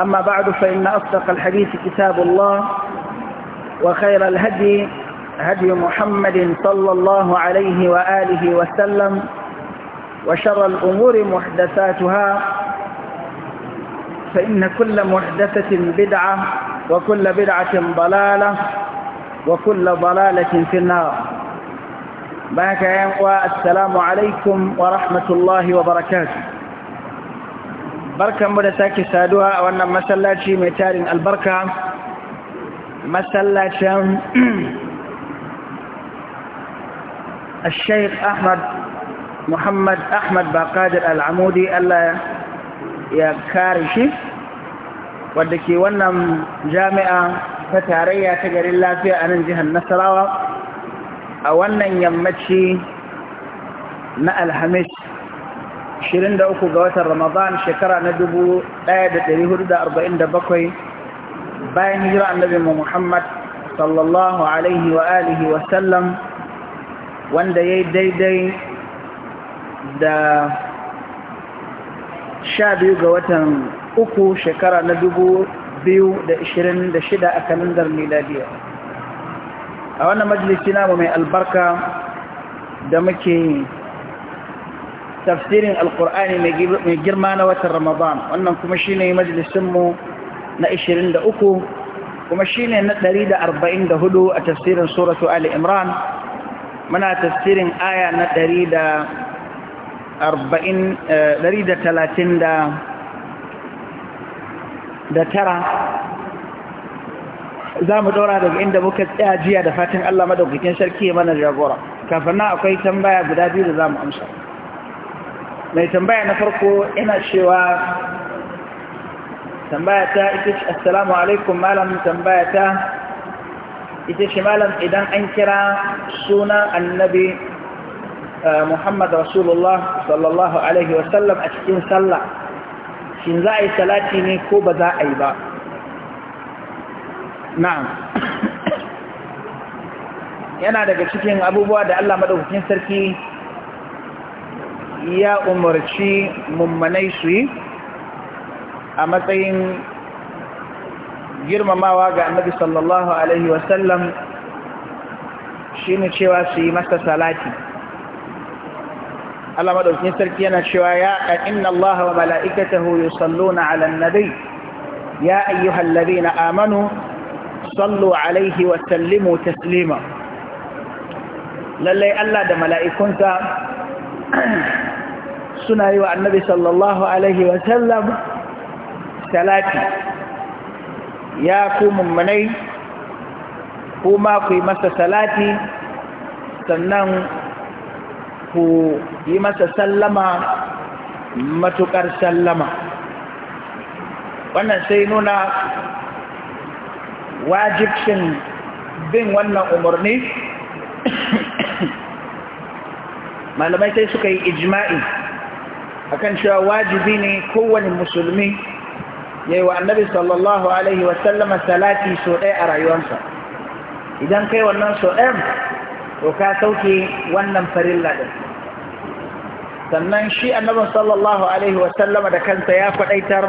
أما بعد فإن أصدق الحديث كتاب الله وخير الهدي هدي محمد صلى الله عليه وآله وسلم وشر الأمور محدثاتها فإن كل محدثة بدعة وكل بدعة ضلالة وكل ضلالة في النار بارك السلام عليكم ورحمة الله وبركاته barkanmu da sake saduwa a wannan masallaci mai tarin albarka masallacin al-shaikh ahmad muhammad ahmad bakadir al-amudi allah ya kare shi wadda ke wannan jami'a ta tarayya ta garin lafiya a nan jihar nasarawa a wannan yammaci na alhamis 23 ga watan Ramadan shekara na 1447 bayan hijira annabi Muhammad sallallahu alaihi wa alihi wa sallam wanda yayi daidai da 12 ga watan uku shekara na 2026 a kalandar miladiya a wannan majalisi namu mai albarka da muke tafsirin alkur'ani mai girma na watan ramadan wannan kuma shi ne majalisunmu na 23 kuma shi ne na 144 a tafsirin suratu ali imran muna tafsirin aya na 139 eh, za mu ɗora daga inda muka tsaya jiya da fatan allah madaukakin sarki mana jagora kafin na akwai tambaya guda biyu da za mu amsa mai tambaya na farko ina cewa tambaya ta ita ce assalamu alaikum malam tambaya ta ita ce malam idan an kira suna annabi eh, muhammad rasulullah sallallahu alaihi wasallam a cikin sallah shin za a yi salati ne ko ba za a yi ba na'am yana daga cikin abubuwa da allah madaukakin sarki ya umarci mummanai su yi a matsayin girmamawa ga annabi sallallahu alaihi wasallam shi ne cewa su yi masa salati Allah maɗauki sarki yana cewa ya a inna Allah wa mala'ikatahu yusalluna ala nabi ya ayyuhal ladina amanu sallu alaihi wa sallimu taslima lallai Allah da mala'ikunta suna yi wa annabi sallallahu alaihi wasallam salati ya ku mummunai kuma ku yi masa salati sannan ku yi masa sallama matuƙar sallama wannan sai nuna wajibcin bin wannan umarni malamai sai suka yi ijma'i akan cewa wajibi ne kowane musulmi ya yi wa annabi sallallahu alaihi wasallama salati so ɗaya a rayuwarsa idan kai wannan so ɗayan to ka sauke wannan farilla ɗin sannan shi annabin sallallahu alaihi wasallama da kansa ya faɗaitar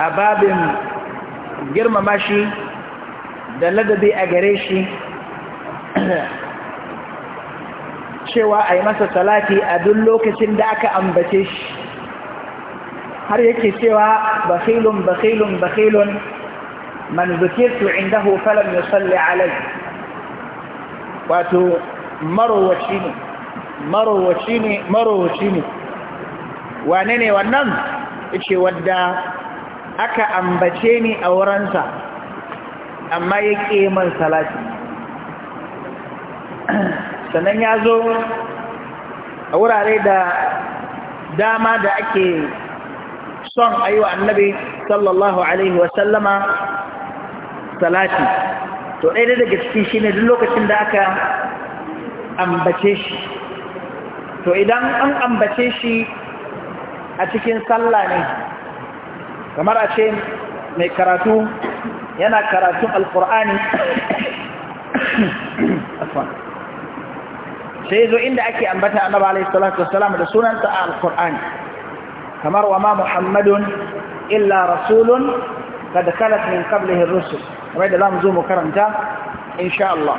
a babin girmama shi da ladabi a gare shi cewa a yi masa salati a duk lokacin da aka ambace shi har yake cewa bakilun bakilun bakilun man zukirtu indahu falam salli alai wato marowaci ne marowaci ne marowaci ne wane ne wannan ce wadda aka ambace ni a wuransa amma ya ƙe man salati sannan ya zo a wurare da dama da ake son a wa annabi sallallahu alaihi wasallama salati to ɗaya daga cikin shi ne duk lokacin da aka ambace shi to idan an ambace shi a cikin sallah ne kamar a ce mai karatu yana karatun alkur'ani sai zo inda ake ambata annaba alaihi salatu wassalam da sunansa a alqur'ani kamar wa ma muhammadun illa rasulun qad khalat min qablihi ar-rusul wai da zamu zo mu karanta insha Allah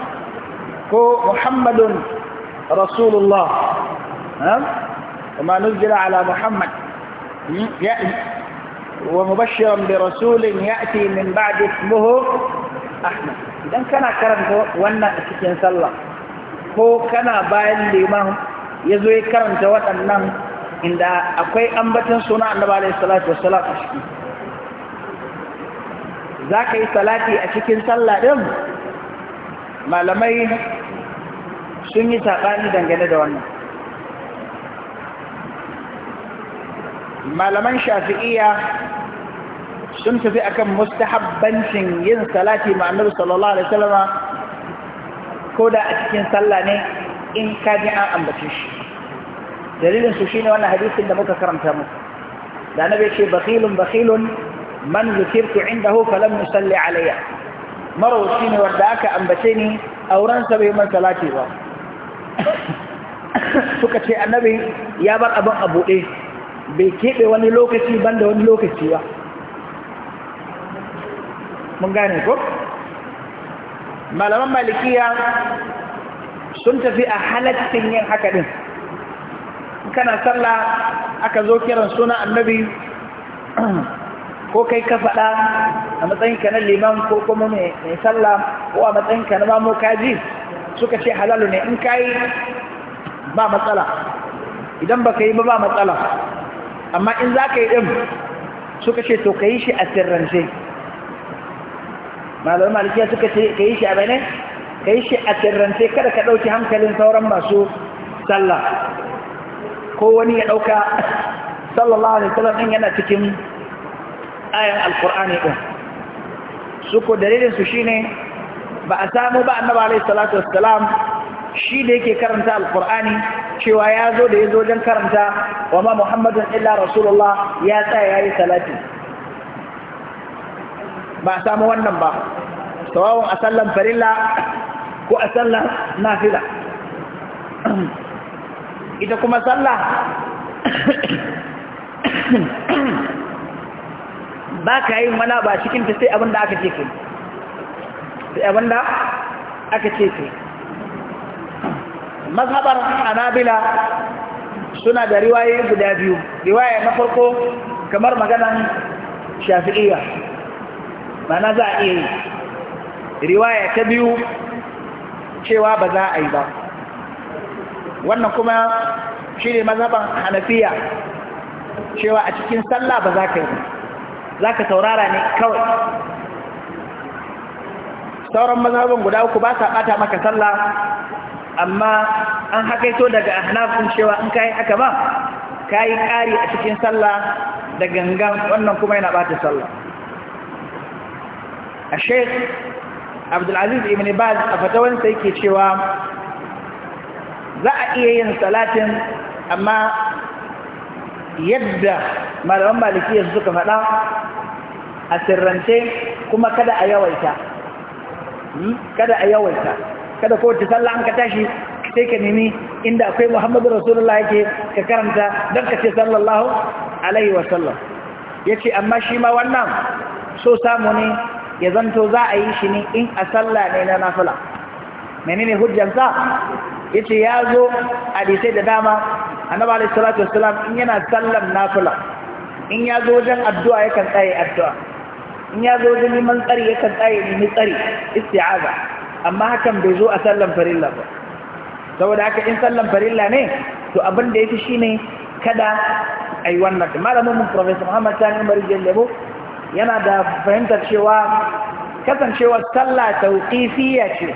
ko muhammadun rasulullah ha kuma nuzila ala muhammad hmm? ya wa ومبشرا برسول يأتي min بعد اسمه أحمد idan kana karanta wannan cikin sallah. ko kana bayan liman ya zo ya karanta waɗannan inda akwai ambatin suna annaba alaihi salatu wassalam salatu. za ka yi salati a cikin sallah ɗin malamai sun yi saɓani dangane da wannan malaman shafi'iyya sun tafi akan mustahabbancin yin salati ma'anar sallallahu alaihi salama ko da a cikin sallah ne in ka ji an ambace shi dalilin su shine wannan hadisin da muka karanta muku da annabi ce bakhilun bakhilun man zikirtu indahu falam yusalli alayya marauci ne wanda aka ambace ni auren sa bai man salati ba suka ce annabi ya bar abin a buɗe bai keɓe wani lokaci ban da wani lokaci ba mun gane ko malaman malikiya sun tafi a halaccin yin haka din kana sallah aka zo kiran suna annabi ko kai ka faɗa a matsayinka na liman ko kuma mai sallah ko a matsayinka na mamo kaji suka ce halalu ne in ka yi ba matsala idan ba ka yi ba ba matsala amma in za ka yi ɗin suka ce to ka yi shi a sirrance malamin malikiya suka ce ka yi shi a bane ka yi shi a kada ka ɗauki hankalin sauran masu sallah ko wani ya ɗauka sallallahu alaihi wasallam ɗin yana cikin ayan alkur'ani ɗin su ko dalilinsu shi ne ba a samu ba annaba alaihi salatu shi da yake karanta alkur'ani cewa ya zo da ya zo don karanta wa ma muhammadun illa rasulullah ya tsaya ya yi salati ba a samu wannan ba sawawun a sallan farilla ko a sallan nafila ita kuma salla ba ka yi mana ba cikin ta sai abinda aka ce ke sai abinda aka ce ke mazhabar anabila suna da riwaye guda biyu riwaye na farko kamar maganan shafi'iyya mana za a iya yi riwaya ta biyu cewa ba za a yi ba wannan kuma shi ne mazaban hanafiya cewa a cikin sallah ba za ka yi za ka taurara ne kawai sauran mazaban guda uku ba sa bata maka sallah amma an hakaito daga ahnafin cewa in kayi haka ba kayi ƙari a cikin sallah da gangan wannan kuma yana bata sallah a sheik abdulaziz ibn baz a fatawansa yake cewa za a iya yin salatin amma yadda malaman malikiyar suka faɗa a sirrance kuma kada a yawaita kada a yawaita kada kowace sallah an ka tashi sai ka nemi inda akwai muhammadu rasulullah yake ka karanta don ka ce sallallahu alaihi wasallam ya ce amma shi ma wannan so samu ne ya zanto za a yi shi ne in a sallah ne na nafila menene hujjansa yace ya zo hadisai da dama annabi alayhi salatu wassalam in yana sallan nafula. in ya zo wajen addu'a ya yakan tsaye addu'a in ya zo wajen neman tsari ya yakan tsaye nemi tsari isti'aza amma hakan bai zo a sallan farilla ba saboda haka in sallan farilla ne to abin da shi ne kada a yi wannan malamin mu professor Muhammad Sani Umar Jallabo yana da fahimtar cewa kasancewar sallah tauqifiyya ce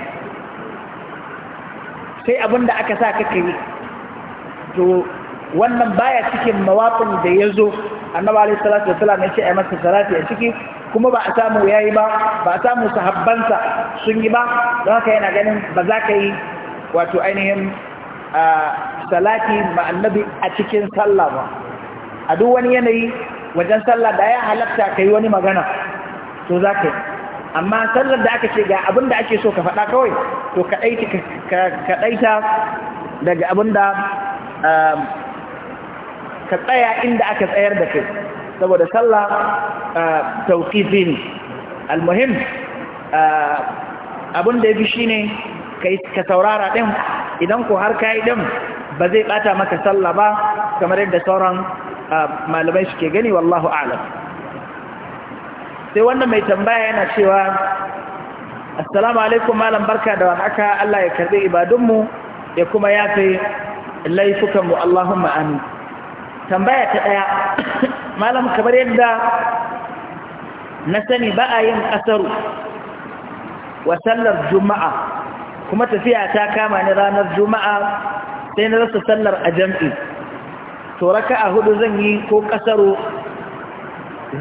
sai abinda aka sa kake yi to wannan baya cikin mawaqin da yazo annabi alayhi salatu wasallam ya ce ai masa salati a ciki kuma ba a samu yayi ba ba a samu sahabbansa sun yi ba don haka yana ganin ba za ka yi wato ainihin ah, salati ma annabi a cikin sallah ba a duk wani yanayi wajen sallah da ya halatta ka yi wani magana to za amma sallar da aka ce ga abinda da ake so ka faɗa kawai to ka ɗaita daga abin um, ka tsaya inda aka tsayar da kai saboda sallah uh, tauƙifi ne almuhim uh, abin da ya fi shi ne ka saurara ɗin idan ko har ka yi ɗin ba zai ɓata maka sallah ba kamar yadda sauran malamai shi ke gani wallahu alam sai wannan mai tambaya yana cewa assalamu alaikum malam barka da haka Allah ya karbi ibadunmu ya kuma yafe laifukanmu Allahumma amin tambaya ta daya malam kamar yadda na sani ba a yin kasaru wa sallar juma'a kuma tafiya ta kama ni ranar juma'a sai na rasa sallar a jam'i to raka a hudu zan yi ko kasaro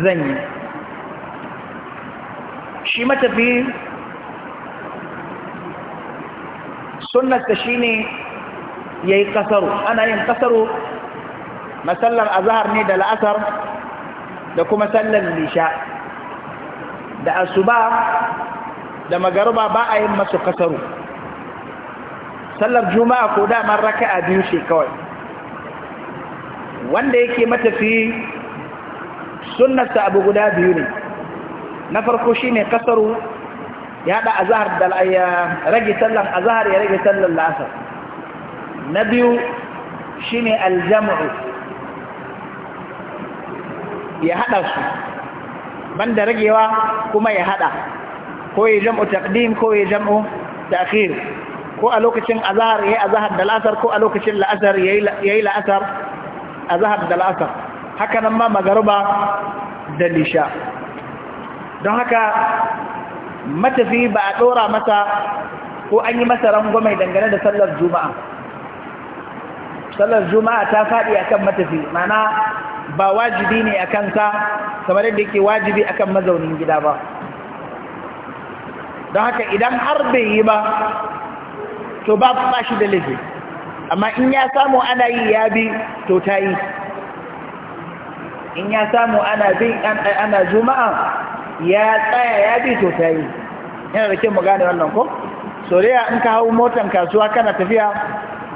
zan yi shi matafi sunnarsa shi ne ya yi kasaro ana yin kasaro masallar azahar ne da la'asar da kuma sallar nisha da asuba da magaruba ba a yin masu kasaro sallar juma'a ko damar raka'a biyu ce kawai wanda yake matafi sunnarsa abu guda biyu ne na farko shi ne kasaru ya haɗa azahar da rage sallan azahar ya rage tallan la'asar na biyu shi ne aljamu'u ya haɗa su banda ragewa kuma ya haɗa ko ya jam'u takdim ko ya jam'u ta'khir ko a lokacin azahar ya yi azahar da la'asar ko a lokacin la'asar ya yi la'asar azhar da la'asar haka nan ma magaruba da lisha don haka matafi ba a ɗora masa ko an yi masa mai dangane da sallar juma'a sallar juma'a ta faɗi akan matafi mana ba wajibi ne a kansa kamar yadda yake wajibi akan mazaunin gida ba don haka idan har bai yi ba to ba ba shi da laifi amma in ya samu ana yi ya bi to ta yi in ya samu ana bi ana juma'a ya tsaya ya bi to ta yi yana da kyau mu gane wannan ko so in ka hau motan kasuwa kana tafiya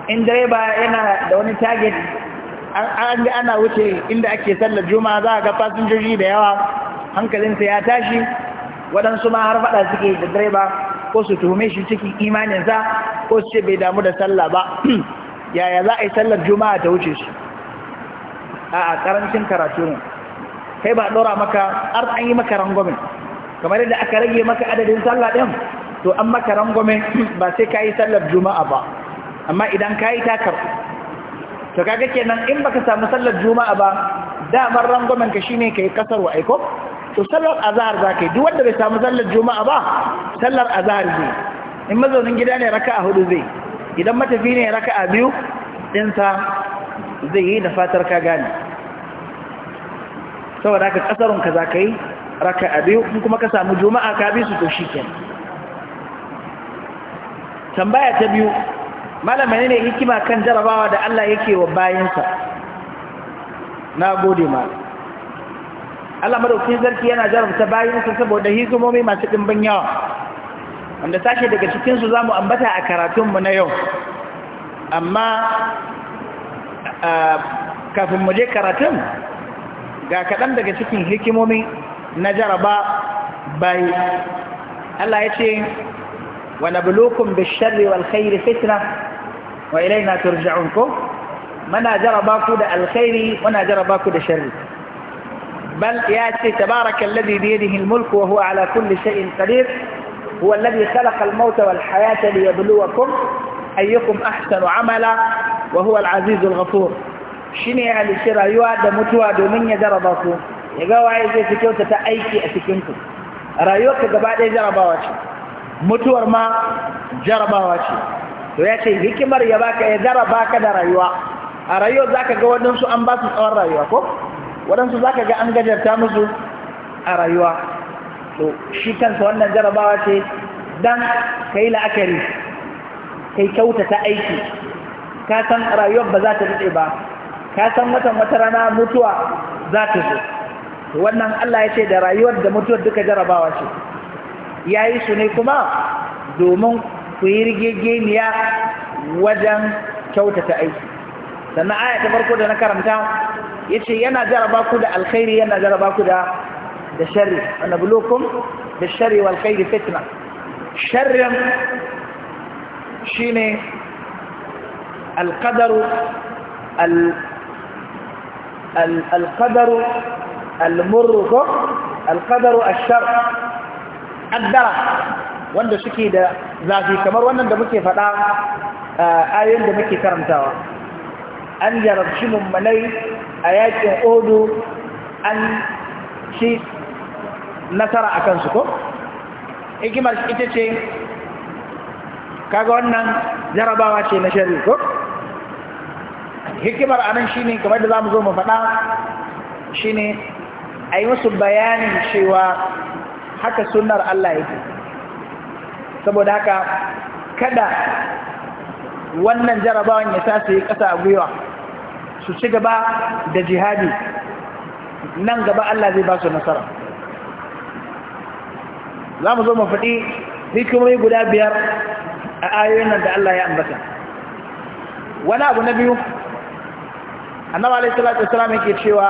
in direba yana da wani target an ga ana wuce inda ake sallar juma'a za a ga fasinjoji da yawa hankalinsa ya tashi waɗansu ma har faɗa suke da direba ko su tuhume shi cikin imaninsa ko su ce bai damu da sallah ba yaya za a yi sallar juma'a ta wuce shi a karancin karatu ne kai ba ɗora maka har an yi maka rangwamin kamar yadda aka rage maka adadin sallah ɗin to an maka rangwamin ba sai ka yi sallar juma'a ba amma idan ka yi takar to kaga kenan in baka samu sallar juma'a ba damar rangwamin ka shine kai kasar wa aiko to sallar azhar za ka yi duk wanda bai samu sallar juma'a ba sallar azhar zai in mazaunin gida ne raka a hudu zai idan matafi ne raka a biyu ɗinsa zai yi da fatar ka gane saboda haka ƙasarunka za ka yi raka a biyu in kuma ka samu juma'a ka bi su to shi ke tambaya ta biyu malamai ne hikima kan jarabawa da Allah yake wa bayansa na gode malam Allah madaukakin sarki yana jarumta bayansa saboda hikimomi masu ɗimbin yawa wanda sashe daga cikinsu za mu ambata a karatunmu na yau amma kafin mu je karatun ga kaɗan daga cikin hikimomi na jaraba bayi Allah ya ce wa nablukum bisharri wal khairi fitna wa ilaina turja'un ko mana jaraba ku da alkhairi muna jaraba ku da sharri بل ياتي تبارك الذي بيده الملك وهو على كل شيء قدير هو الذي خلق الموت والحياة ليبلوكم أيكم أحسن عملا وهو العزيز الغفور shine ya halicci rayuwa da mutuwa domin ya jaraba ku waye zai fi kyautata aiki a cikin ku rayuwarka gaba ɗaya jarabawa mutuwar ma jarabawa to ya ce hikimar ya baka ya jaraba ka da rayuwa a rayuwar zaka ga waɗansu an basu tsawon rayuwa ko waɗansu za ka ga an gajarta musu a rayuwa to shi kansa wannan jarabawa ce don ka yi la'akari ka yi kyautata aiki ka san rayuwar ba za ta daɗe ba ka san watan wata rana mutuwa za ta zo wannan Allah ya ce da rayuwar da mutuwar duka jarabawa ce ya yi su ne kuma domin ku yi rigegeniya wajen kyautata aiki sannan aya ta farko da na karanta ce yana jaraba ku da alkhairi yana jaraba ku da da sharri da bisharri wa khairi fitna sharrin shine alqadaru al القدر المر a الشر الدرع wanda suke da zafi kamar wannan da muke faɗa eh, ayoyin da muke karantawa an jarabci mummanai a yakin odu an ci nasara a kansu ko? hikimar ita ce kaga wannan jarabawa ce na shari'a ko? hikimar anan shi ne kamar da za mu zo mu faɗa shi ne a yi musu bayanin cewa haka sunar Allah yake saboda haka kada wannan jarabawan ya sa su yi ƙasa a gwiwa su ci gaba da jihadi nan gaba Allah zai ba su nasara za mu zo mu faɗi hikimomi guda biyar a ayoyin da Allah ya ambata wani abu na biyu annabi alaihi salatu yake cewa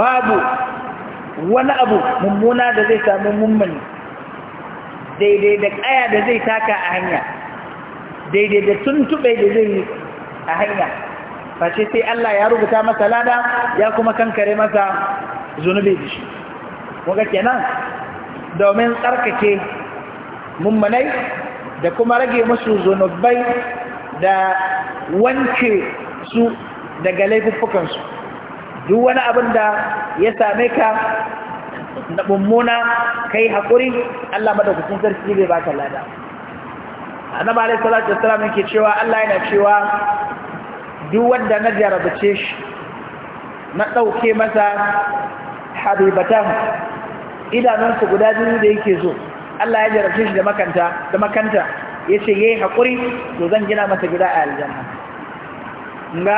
babu wani abu mummuna da zai samu mummuni daidai da kaya da zai taka a hanya daidai da tuntube da zai yi a hanya face sai Allah ya rubuta masa lada ya kuma kankare masa zunubi da shi Waga kenan domin tsarkake mummanai da kuma rage musu zunubai da wanke su daga laifuffukansu duk wani abin da ya same ka na mummuna kai haƙuri Allah madaukakin sarki zai ba ka lada annabi salatu wassalam yake cewa Allah yana cewa duk wanda na jarabce shi na ɗauke masa habibatan ku guda biyu da yake zo Allah ya jarabce shi da makanta da makanta ya ce yayi haƙuri to zan gina masa gida a aljanna nga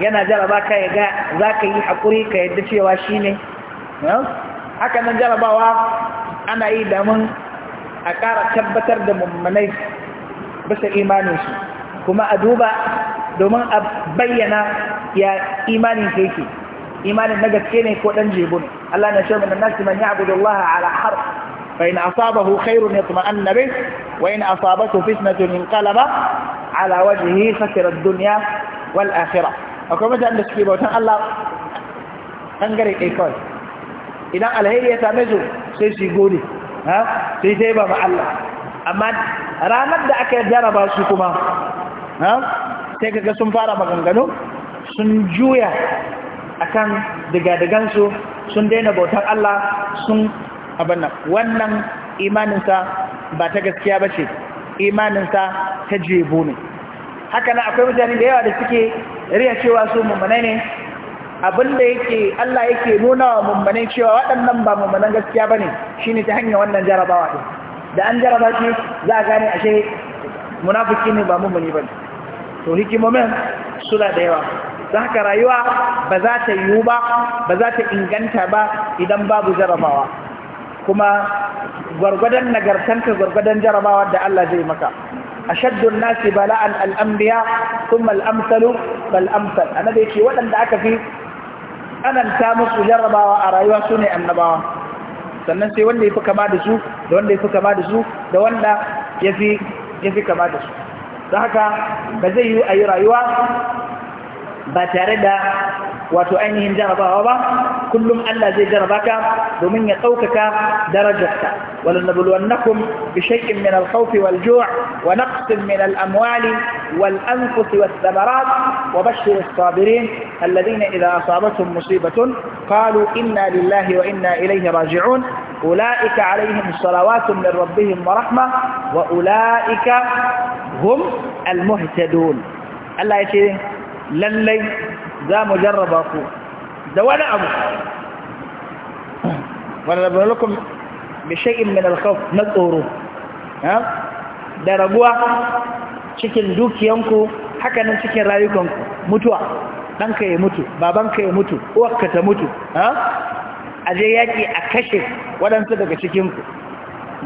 yana jaraba ka ya ga za ka yi haƙuri ka yadda cewa shi ne haka nan jarabawa ana yi damun a ƙara tabbatar da mummunai bisa imaninsu kuma a duba domin a bayyana ya imanin ka yake imanin na gaske ne ko dan jebo Allah na ce mana nasi man ya'budu Allah ala har fa in asabahu khairun yatma'anna bih wa in asabathu fitnatun inqalaba ala wajhihi khasira ad-dunya wal akhirah akwai mutanen da suke bautan Allah bangare ɗaya kawai idan alheri ya same su sai su gode ha sai sai ba ma Allah amma ranar da aka jaraba su kuma ha sai kaga sun fara maganganu sun juya akan digadigansu sun daina bautan Allah sun abinna wannan imaninsa ba ta gaskiya ba ce imaninsa ta jebo ne haka na akwai mutane da yawa da suke riya cewa su mummanai ne abinda yake Allah yake nuna wa mummanai cewa waɗannan ba mummanan gaskiya ba ne shi ne ta hanyar wannan jarabawa ɗin da an jarabaci shi za a gane ashe munafuki ne ba mummani ba ne to hikimomin suna da yawa da haka rayuwa ba za ta yiwu ba ba za ta inganta ba idan babu jarabawa kuma gwargwadon nagartanka gwargwadon jarabawa da Allah zai maka ashaddun nasi bala'an al'ambiya thumma al'amsalu bal amsal annabi yake waɗanda aka fi ananta musu jarabawa a rayuwa sune annabawa sannan sai wanda yafi kama da su da wanda kama da su da wanda ya fi kama da su da haka ba zai yi a yi rayuwa ba tare da wato ainihin jarabawa ba kullum Allah zai jaraba ka domin ya ɗaukaka darajarka ولنبلونكم بشيء من الخوف والجوع ونقص من الأموال والأنفس والثمرات وبشر الصابرين الذين إذا أصابتهم مصيبة قالوا إنا لله وإنا إليه راجعون أولئك عليهم صلوات من ربهم ورحمة وأولئك هم المهتدون الله يتي للي ذا مجرب أقول ده ولا أبو ونبنى لكم بشيء من الخوف نذكره ها da raguwa cikin dukiyanku hakanan cikin rayukanku mutuwa ɗanka ya mutu babanka ya mutu uwarka ta mutu ha a je yaƙi a kashe waɗansu daga cikinku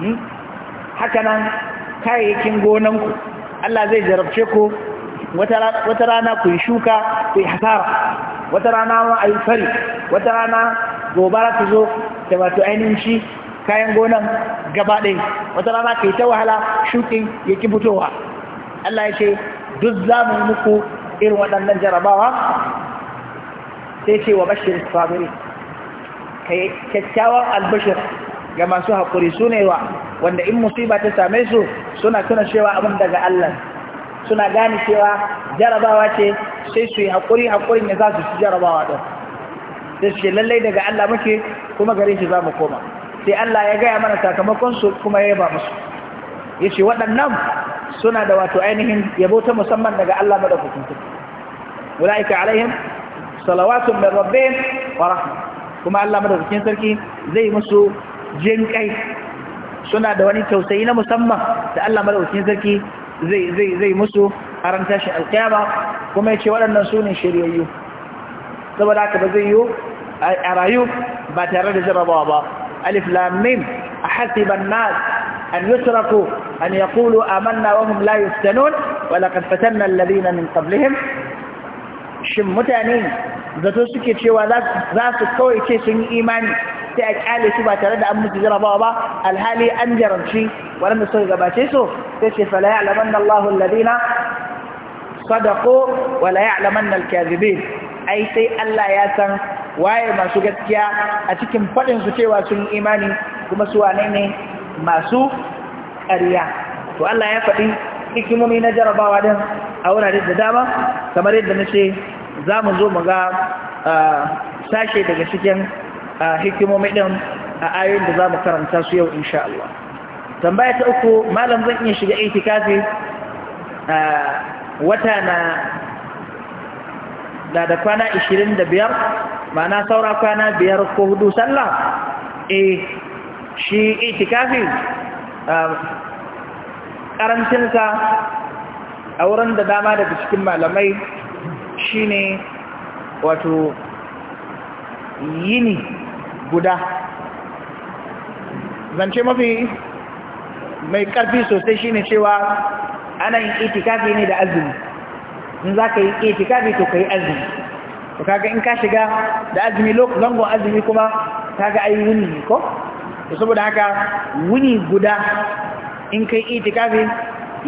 hmm? haka nan kayayyakin gonanku Allah zai jarabce ku wata rana ku yi shuka ku yi hasara wata rana ma a fari wata rana gobara ta zo da wato ainihin shi kayan gonan gaba ɗaya wata rana ka yi ta wahala shukin ya ki fitowa Allah ya ce duk za mu yi muku irin waɗannan jarabawa sai ce wa su sabiri kai kyakkyawan albashir ga masu haƙuri su ne wa wanda in musiba ta same su suna tuna cewa abin daga Allah suna gane cewa jarabawa ce sai su yi haƙuri haƙurin ya za su ci jarabawa ɗin da su ce lallai daga Allah muke kuma gare shi za mu koma sai Allah ya gaya mana sakamakon su kuma ya yaba musu ya ce waɗannan suna da wato ainihin yabo ta musamman daga Allah madaukakin sarki alaihim salawatun min rabbihim wa rahmah kuma Allah madaukakin sarki zai musu jin kai suna da wani tausayi na musamman da Allah madaukakin sarki zai zai zai musu haran tashin alkiyama kuma yace waɗannan suna ne shiryayyu saboda haka ba zai yi a rayu ba tare da jarabawa ba alif lam mim ahasiban nas an yutraku an yaqulu amanna wa hum la yuftanun wa laqad fatanna alladhina min qablihim shin mutane zato suke cewa za su kawai ce sun yi imani sai a kyale su ba tare da an musu jarabawa ba alhali an jarabci waɗanda suka gabace su sai ce fala ya'laman Allahu alladhina sadaqu wa la ya'laman al-kadhibin ai sai Allah ya san waye masu gaskiya a cikin faɗin su cewa sun yi imani kuma su wane ne masu ƙarya to Allah ya faɗi hikimomi na jarabawa din a wurare da dama kamar yadda na ce za mu zo mu ga sashe daga cikin hikimomi ɗin a ayoyin da za mu karanta su yau insha Allah tambaya ta uku malam zan iya shiga itikafi wata na da da kwana 25 ma'ana saura kwana biyar ko hudu sallah eh shi itikafi karancinsa a wurin da dama daga cikin malamai shine wato yini guda zance mafi mai karfi sosai shine cewa ana yin itikafi ne da azumi in za ka yi itikafi to ka yi azumi to kaga in ka shiga da azumi zangon azumi kuma kaga ayi wuni ko saboda haka wuni guda in kai itikafi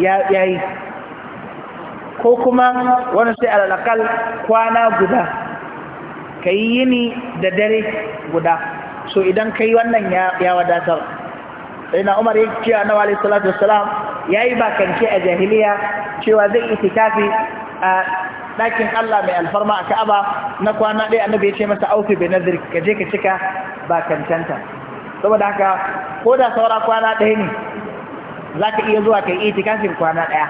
ya yi ko kuma wani sai alalakal kwana guda ka yi yini da dare guda so idan ka yi wannan ya wadatar sai na umar yake cewa na wali salatu wasalam ya yi bakance a jahiliya cewa zai kafi a ɗakin Allah mai alfarma a ka'aba na kwana ɗaya annabi ya ce masa aufi bai nazir ka je ka cika bakancanta saboda haka ko da saura kwana ɗaya ne za ka iya zuwa ka yi kafin kwana ɗaya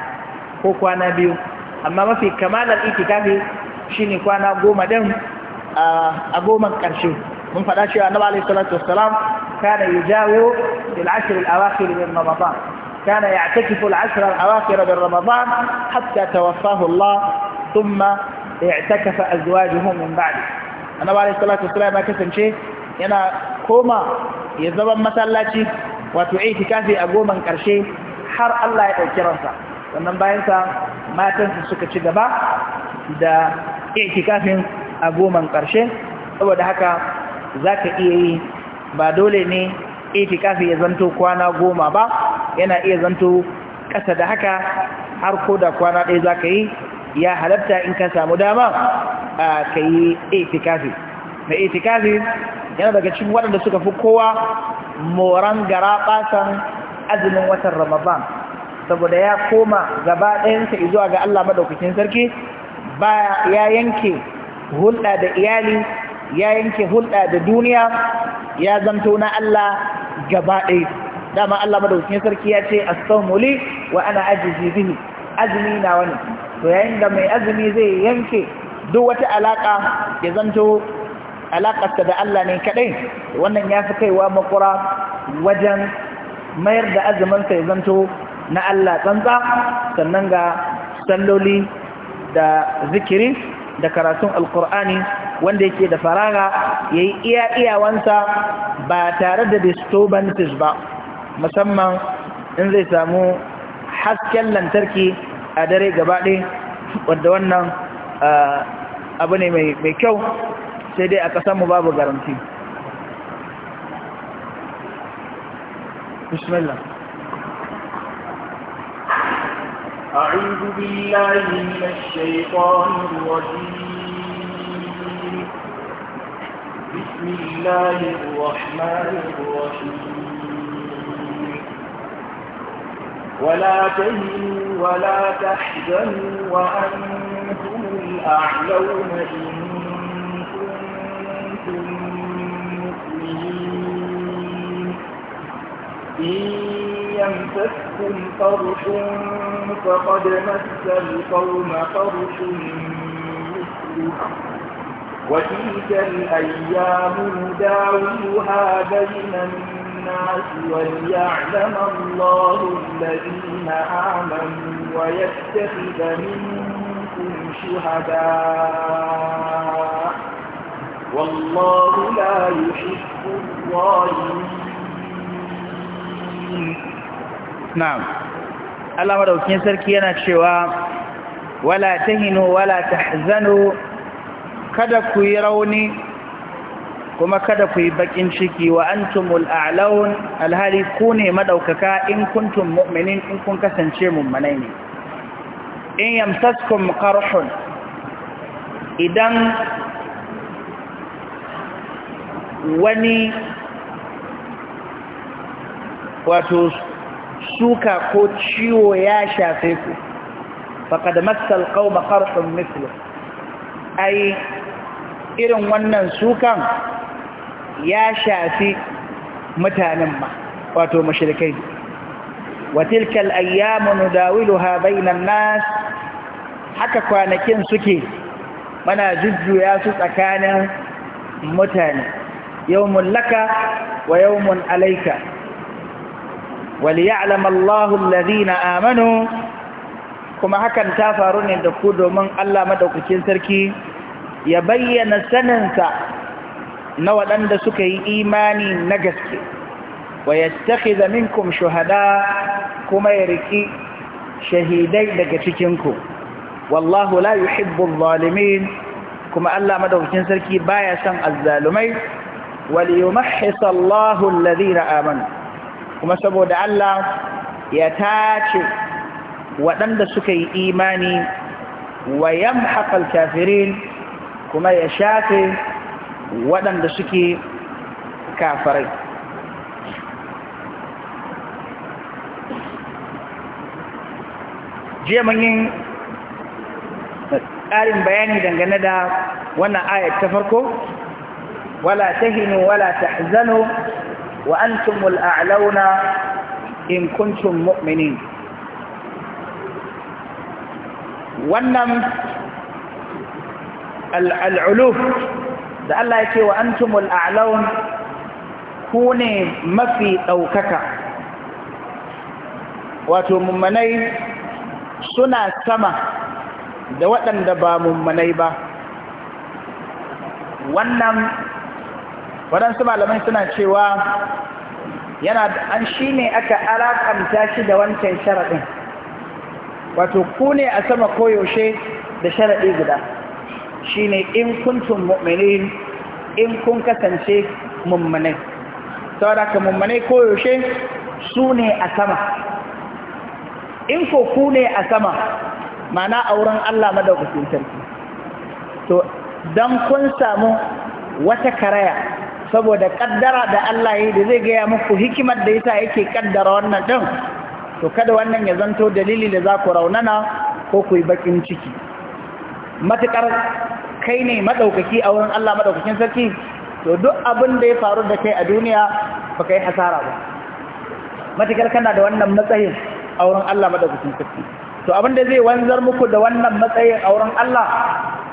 ko kwana biyu amma mafi kamalar itikafi shine kwana goma din a goman karshe mun fada cewa annabi alayhi salatu wassalam kana yujawiru bil ashr al awakhir min ramadan kana ya'takifu al ashr al awakhir من ramadan hatta tawaffahu Allah thumma i'takafa azwajuhu min بعده annabi alayhi salatu wassalam ya kasance yana koma ya zama masallaci wato itikafi a goman karshe har Allah ya dauki ransa sannan bayansa matansu suka ci gaba da itikafin a goman ƙarshe saboda haka za ka iya yi ba dole ne itikafi ya zanto kwana goma ba yana iya zanto ƙasa da haka har ko da kwana ɗaya za ka yi ya halatta in ka samu dama ka yi itikafi mai itikafi yana daga cikin waɗanda suka fi kowa moran gara ɓasan azumin watan ramadan saboda ya koma gaba ɗayansa zuwa ga Allah maɗaukacin sarki ba ya yanke hulɗa da iyali ya yanke hulɗa da duniya ya zanto na Allah gaba ɗaya dama Allah maɗaukacin sarki ya ce as-sawmu li wa ana ajizi bihi azumi na wani to yayin da mai azumi zai yanke duk wata alaƙa ya zanto alakarsa da Allah ne kaɗai, wannan ya fi kaiwa makura wajen mayar da azumin sa ya zanto na Allah tsantsa sannan ga salloli da zikiri da karatun alkur'ani wanda yake da faraga ya yi iya iyawansa ba tare da disturbances ba musamman in zai samu hasken lantarki a dare gabaɗe wadda wannan ah, abu ne mai kyau sai dai a kasanmu babu garanti bismillah أعوذ بالله من الشيطان الرجيم بسم الله الرحمن الرحيم ولا تهنوا ولا تحزنوا وأنتم الأعلون إن كنتم مؤمنين يمسسكم قرش فقد مس القوم قرش مثله وتلك الأيام نداولها بين الناس وليعلم الله الذين آمنوا ويتخذ منكم شهداء والله لا يحب الظالمين na'am Allah madaukin sarki yana cewa wala tahinu wala tahzanu kada ku yi rauni kuma kada ku yi bakin ciki wa antumul a'laun alhali ku ne madaukaka in kuntum mu'minin in kun kasance mummanai ne in yamsaskum qarhun idan wani wato suka ko ciwo ya shafe ku faƙad matsal ƙauma ƙarfin mislu ai irin wannan sukan ya shafi mutanen ma wato mashirikai watilkal ayyamu nudawiluha bainan nas haka kwanakin suke mana jujjuya su tsakanin mutane yawmun laka wa yawmun alaika وليعلم الله الذين آمنوا kuma hakan ta faru ne da ku domin Allah madaukakin sarki ya bayyana saninsa na waɗanda suka yi imani na gaske wa yattakhidha minkum shuhada kuma ya riki shahidai daga cikinku wallahu la yuhibbu adh kuma Allah madaukakin sarki baya son azzalumai wal yumahhis Allahu alladhina amanu kuma saboda Allah ya tace waɗanda suka yi imani wa yamhaqal kafirin kuma ya shafe waɗanda suke kafirai jiya mun yi ƙarin bayani dangane da wannan ayat ta farko wala tahinu wala tahzanu wa antumul a'launa in kuntum mu'minin wannan al'uluf da Allah yake wa antumul a'laun mafi ɗaukaka wato mummanai suna sama da waɗanda ba mummanai ba wannan waɗansu malamai suna cewa yana an shi ne aka alaƙanta shi da wancan sharaɗin wato ku ne a sama koyaushe da sharaɗi guda shi ne in kuntun mu'minin in kun kasance sau saboda ka mummanai koyaushe su ne a sama in ko ku ne a sama mana a wurin Allah madaukakin sarki to don kun samu wata karaya saboda kaddara da Allah ya yi da zai gaya muku hikimar da yasa yake kaddara wannan din to kada wannan ya zanto dalili da za ku raunana ko ku yi bakin ciki matukar kai ne madaukaki a wurin Allah madaukakin sarki to duk abin da ya faru da kai a duniya ba kai hasara ba matukar kana da wannan matsayin a wurin Allah madaukakin sarki to abin da zai wanzar muku da wannan matsayin auren Allah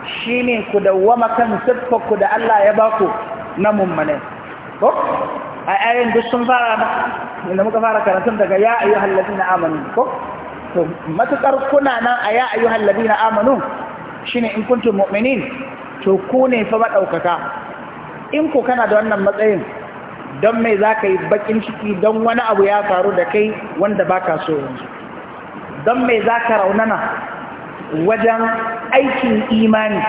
shi ne ku dawwama kan siffa ku da Allah ya ba ku na mummane ko a ayin duk sun fara da? inda muka fara karatun daga ya ayyuhal na amanu ko to matukar kuna nan a ya ayyuhal ladina amanu ne in kuntu mu'minin to ku ne fa maɗaukaka? in ku kana da wannan matsayin don mai ka yi bakin ciki don wani abu ya faru da kai wanda baka so yanzu don mai za ka raunana wajen aikin imani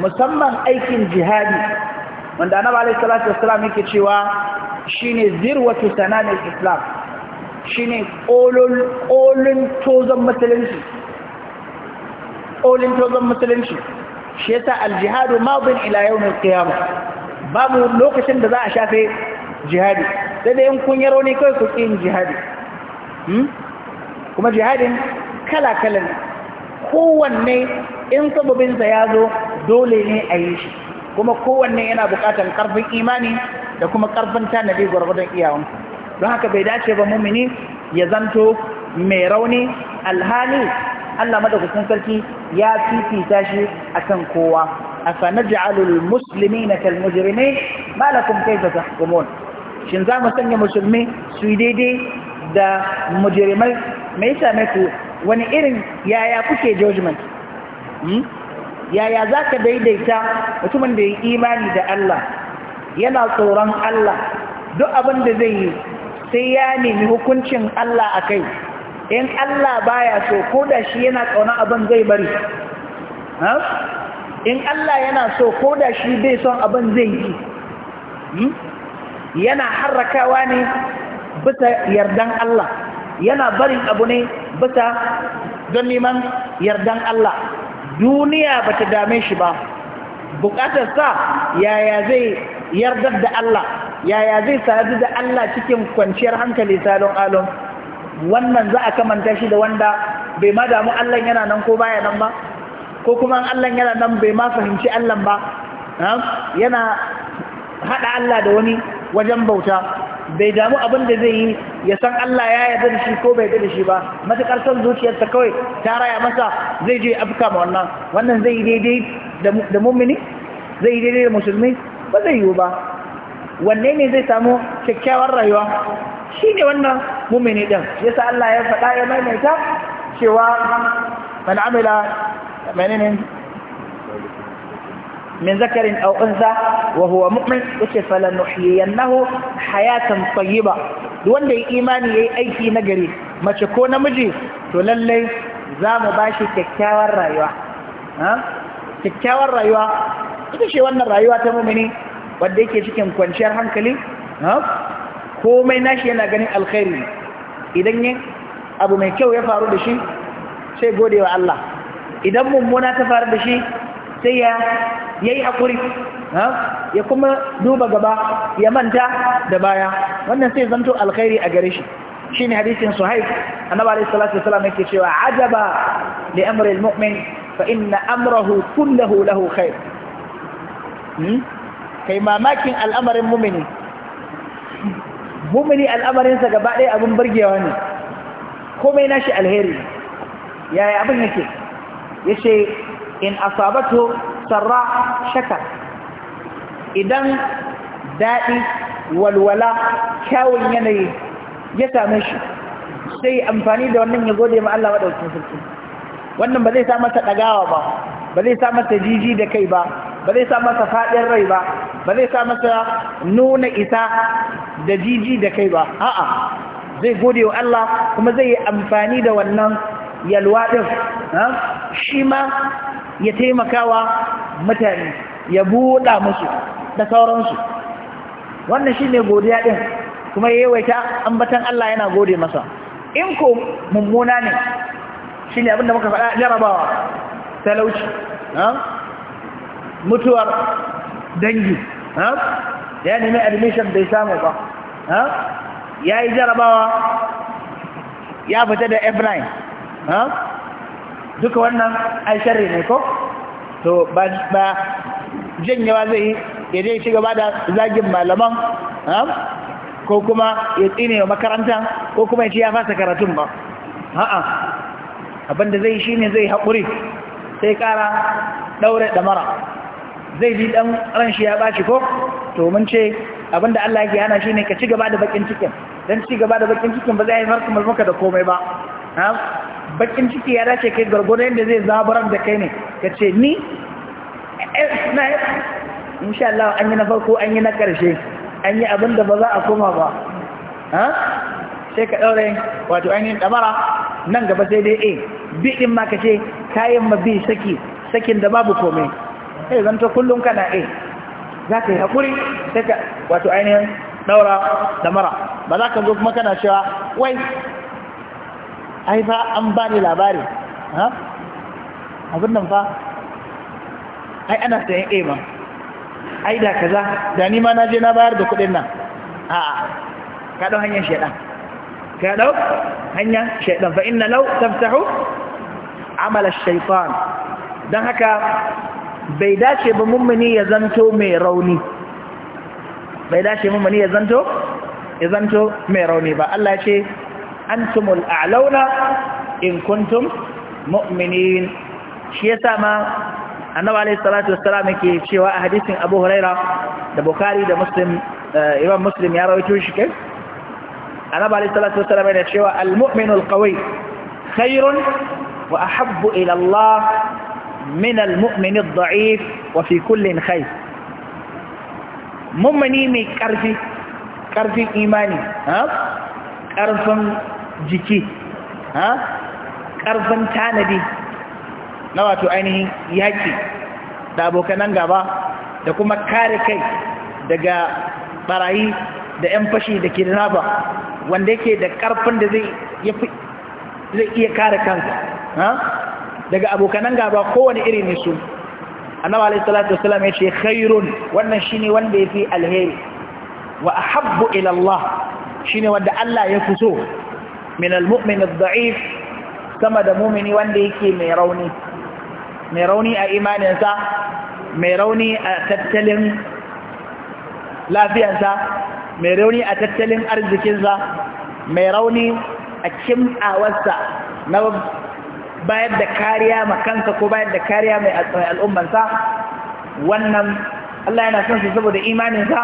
musamman aikin jihadi wanda na alaihi salatu wassalam yake cewa shi shine zirwatu sananin islam Shi ne ƙolin tozon musulunci Ƙolin tozon musulunci shi yasa aljihadu madin ilayau yawmil qiyamah babu lokacin da za a shafe jihadi sai dai in kun yaro ne kai ku yin jihadi hmm? kuma jihadin kala-kala ne kowanne in sababinsa ya zo dole ne a yi shi kuma kowanne yana bukatar karfin imani da kuma karfin tanadi gwargwadon iyawun don haka bai dace ba mumini ya zanto mai rauni alhali Allah sun sarki ya fifita shi kan kowa afanaj'alul na kal malakun kai da tahkumun shin za mu sanya musulmi su daidai da mujrimai mai same ku wani irin yaya kuke judgment hmm? yaya za ka daidaita mutumin da ya imani da Allah yana tsoron Allah duk abin da zai yi sai ya nemi hukuncin Allah a kai in Allah baya so ko da shi yana tsoron abin zai bari in Allah yana so ko da shi bai son abin zai yi hmm? yana harrakawa ne bisa yardan Allah yana barin abu ne bisa don neman yardan Allah duniya ba ta dame shi ba bukatarsa yaya zai yardar da Allah yaya zai sadu da Allah cikin kwanciyar hankali salon alon wannan za a kamanta shi da wanda bai ma damu Allah yana nan ko baya nan ba ko kuma Allah yana nan bai ma fahimci Allah ba yana hada Allah da wani wajen bauta bai damu abin da zai yi ya san Allah ya yarda da shi ko bai yarda da shi ba matakar son zuciyarsa kawai ta raya masa zai je afka ma wannan wannan zai yi daidai da mummini zai yi daidai da musulmi ba zai yiwu ba wanne ne zai samu kyakkyawar rayuwa shi ne wannan mummini ɗin sa Allah ya faɗa ya maimaita cewa man amila menene min zakarin aw unsa wa huwa mu'min yace falanuhyiyannahu hayatan tayyiba duk wanda ya imani yayi aiki na gari mace ko namiji to lallai za mu bashi kyakkyawar rayuwa kyakkyawar rayuwa ita ce wannan rayuwa ta mumini wanda yake cikin kwanciyar hankali komai nashi yana ganin alkhairi idan yin abu mai kyau ya faru da shi sai godewa Allah idan mummuna ta faru da shi sai ya yayi hakuri ya kuma duba gaba ya manta da baya wannan sai zanto alkhairi a gare shi shine hadisin suhaib annabi alayhi salatu wasallam yake cewa ajaba li amri almu'min fa inna amrahu kulluhu lahu khair hmm? kai mamakin al'amarin mumini mumini al'amarinsa gaba ɗaya abin burgewa ne komai nashi alheri yaya abin yake ya ce in asabatu sarra shakar idan daɗi walwala kyawun yanayi ya same shi sai amfani da wannan ya gode ma Allah waɗaukin sarki wannan ba zai sa masa ɗagawa ba ba zai sa masa jiji da kai ba ba zai sa masa faɗin rai ba ba zai sa masa nuna isa da jiji da kai ba a'a zai gode wa Allah kuma zai yi amfani da wannan yalwaɗin ɗin shi ma ya taimakawa mutane ya buɗa musu da sauransu wannan shi ne godiya ɗin kuma ya yawaita ambatan Allah yana gode masa in ko mummuna ne ne abinda muka faɗa jarabawa talauci mutuwar dangi ya nemi admission bai samu ba ya yi jarabawa ya fita da f9 duka wannan ai sharri ne ko to ba ba janyewa zai ya je shiga ba da zagin malaman ko kuma ya tsine wa makarantar ko kuma ya ci ya fasa karatun ba a'a abinda zai shi ne zai haƙuri sai ƙara ɗaure ɗamara zai ji ɗan ran shi ya ɓaci ko to mun ce abinda Allah yake hana shi ne ka ci gaba da bakin cikin don ci gaba da bakin cikin ba zai haifar kamar maka da komai ba bakin ciki ya dace kai gargwada yadda zai zabarar da kai ne ka ce ni eh, insha Allah an yi na farko an yi na ƙarshe an yi abin da ba za a koma ba sai ka ɗaure wato an yi ɗamara nan gaba sai dai a eh, bi ɗin ma ka ce kayan ma bi saki sakin da babu komai sai zanto kullum kana a eh, za ka yi haƙuri sai ka wato ainihin ɗaura ɗamara ba za ka zo kuma kana cewa wai ai an ba ni labari ha abin nan fa ai ana sayan a ma ai da kaza da ni ma na je na bayar da kuɗin nan a'a ka ɗau hanyar shaidan ka ɗau hanyar shaidan fa inna lau taftahu amala shaitan don haka bai dace ba mummuni ya zanto mai rauni bai dace mummuni ya zanto ya zanto mai rauni ba Allah ya ce antumul a'launa in kuntum mu'minin shi yasa ma annabi alayhi salatu wassalam yake cewa a hadisin Abu Huraira da Bukhari Muslim eh, Imam Muslim ya rawaito shi kai annabi alayhi salatu wassalam yana cewa al-mu'minu al khairun wa ahabbu ila Allah min al-mu'min ad-da'if kullin khair mu'mini mai karfi imani karfin jiki ha ƙarfin tanadi na wato ainihin yaƙi da abokan nan gaba da kuma kare kai daga barayi da 'yan fashi da ke da wanda yake da ƙarfin da zai iya kare kansa daga abokan nan gaba kowane iri ne su annabi alayhi salatu ya yace khairun wannan shine wanda yafi alheri wa ahabbu ila Allah shine wanda Allah ya fi so min al-mu'min daif sama da mu'mini wanda yake mai rauni mai rauni a imaninsa mai rauni a tattalin lafiyansa mai rauni a tattalin arzikinsa mai rauni a kimtsawarsa na bayar da kariya ma kanka ko bayar da kariya mai al'ummansa wannan Allah yana son su saboda imaninsa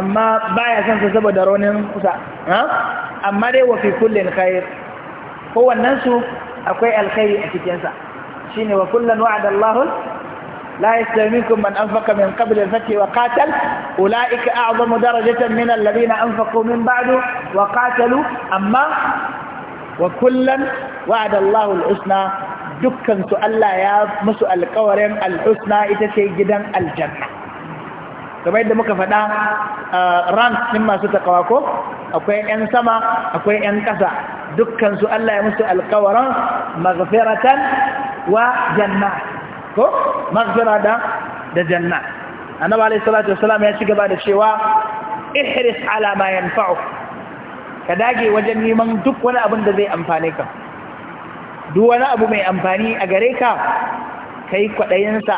amma baya son su saboda raunin kusa amma dai wa fi kullin khair kowannen su akwai alkhairi a cikin sa shine wa kullan wa'ada Allah la yastawi minkum man anfaqa min qabl al-fath wa qatal ulaika a'zamu darajatan min alladhina anfaqu min ba'du wa qatalu amma wa kullan wa'ada Allah al-husna dukkan su Allah ya musu alƙawarin al-husna ita ce gidan aljanna kamar yadda muka faɗa ran ɗin masu takawa ko akwai 'yan sama akwai 'yan ƙasa dukkansu Allah ya musu alkawaran maghfiratan wa janna ko maghfira da da janna annabi alayhi salatu wasalam ya ci gaba da cewa ihris ala ma yanfa'u ka dage wajen neman duk wani abin da zai amfane ka duk wani abu mai amfani a gare ka kai kwaɗayinsa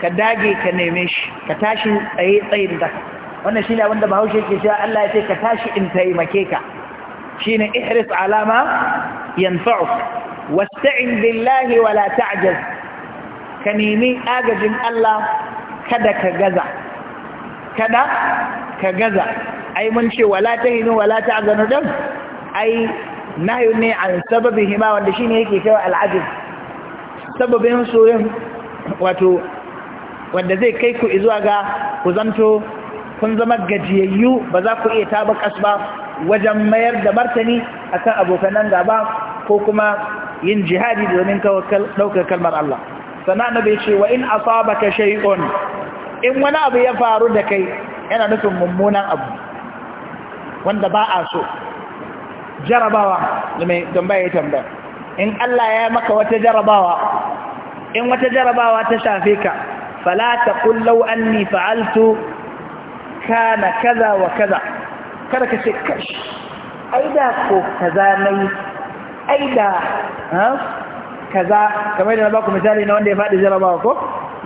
ka dage ka neme shi ka tashi tsaye tsayin da wannan shi ne abinda bahaushe ke cewa Allah ya ce ka tashi in taimake ka shi ne ihris alama yanfa'u wasta'in billahi wala ta'jaz ka nemi agajin Allah kada ka gaza kada ka gaza ai mun ce wala tahinu wala ta'zanu dan ai nahi ne an sababi hima wanda shine yake cewa al'ajiz sababin surin wato wanda zai kai ku zuwa ga ku zanto kun zama gajiyayyu ba za ku iya tabakas ba wajen mayar da martani akan abokanan gaba ko kuma yin jihadi domin ɗaukar kalmar Allah Sana'a bai ce wa in asabaka shay'un in wani abu ya faru da kai yana nufin mummunan abu wanda ba a so jarabawa da mai tambaya tambaya in Allah ya maka wata jarabawa in wata jarabawa ta shafe ka fala taqul law anni fa'altu kana kaza wa kaza kada ka ce kash aida ko kaza nayi aida kaza kamar da na baku misali na wanda ya faɗi jarabawa ko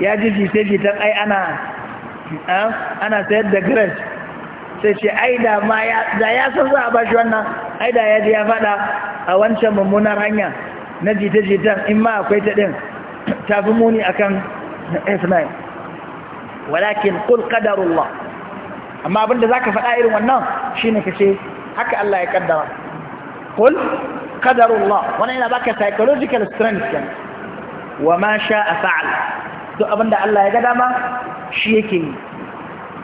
ya jita-jitan ai ana sayar da grace sai ma ya da ya san za a ba shi wannan Aida ya ji ya faɗa a wancan mummunar hanya na jita-jitan in ma akwai ta ɗin ta fi muni akan ismail walakin amma abinda zaka faɗa irin wannan shine kace haka Allah ya kaddara kul qadarullah yana baka psychological strength wa ma a fa'al duk abinda Allah ya ga dama shi yake yi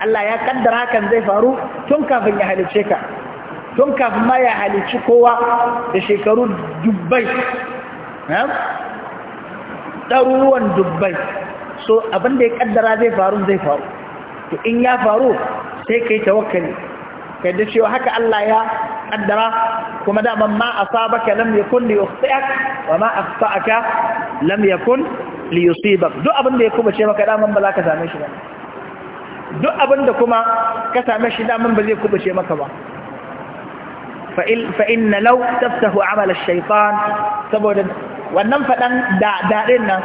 Allah ya kaddara hakan zai faru tun kafin ya halice ka tun kafin ma ya halici kowa da shekaru dubbai dubbai so abin da ya kaddara zai faru zai faru to in ya faru sai kai tawakkali kai da cewa haka Allah ya kaddara kuma da ma asabaka lam yakun li yukhti'ak wa ma akhta'aka lam yakun li yusibak duk abin da ya kuma ce maka daman ba za ka same shi ba duk abin da kuma ka same shi daman ba zai kuma ce maka ba fa inna law taftahu amal ash-shaytan saboda wannan fadan da dadin nan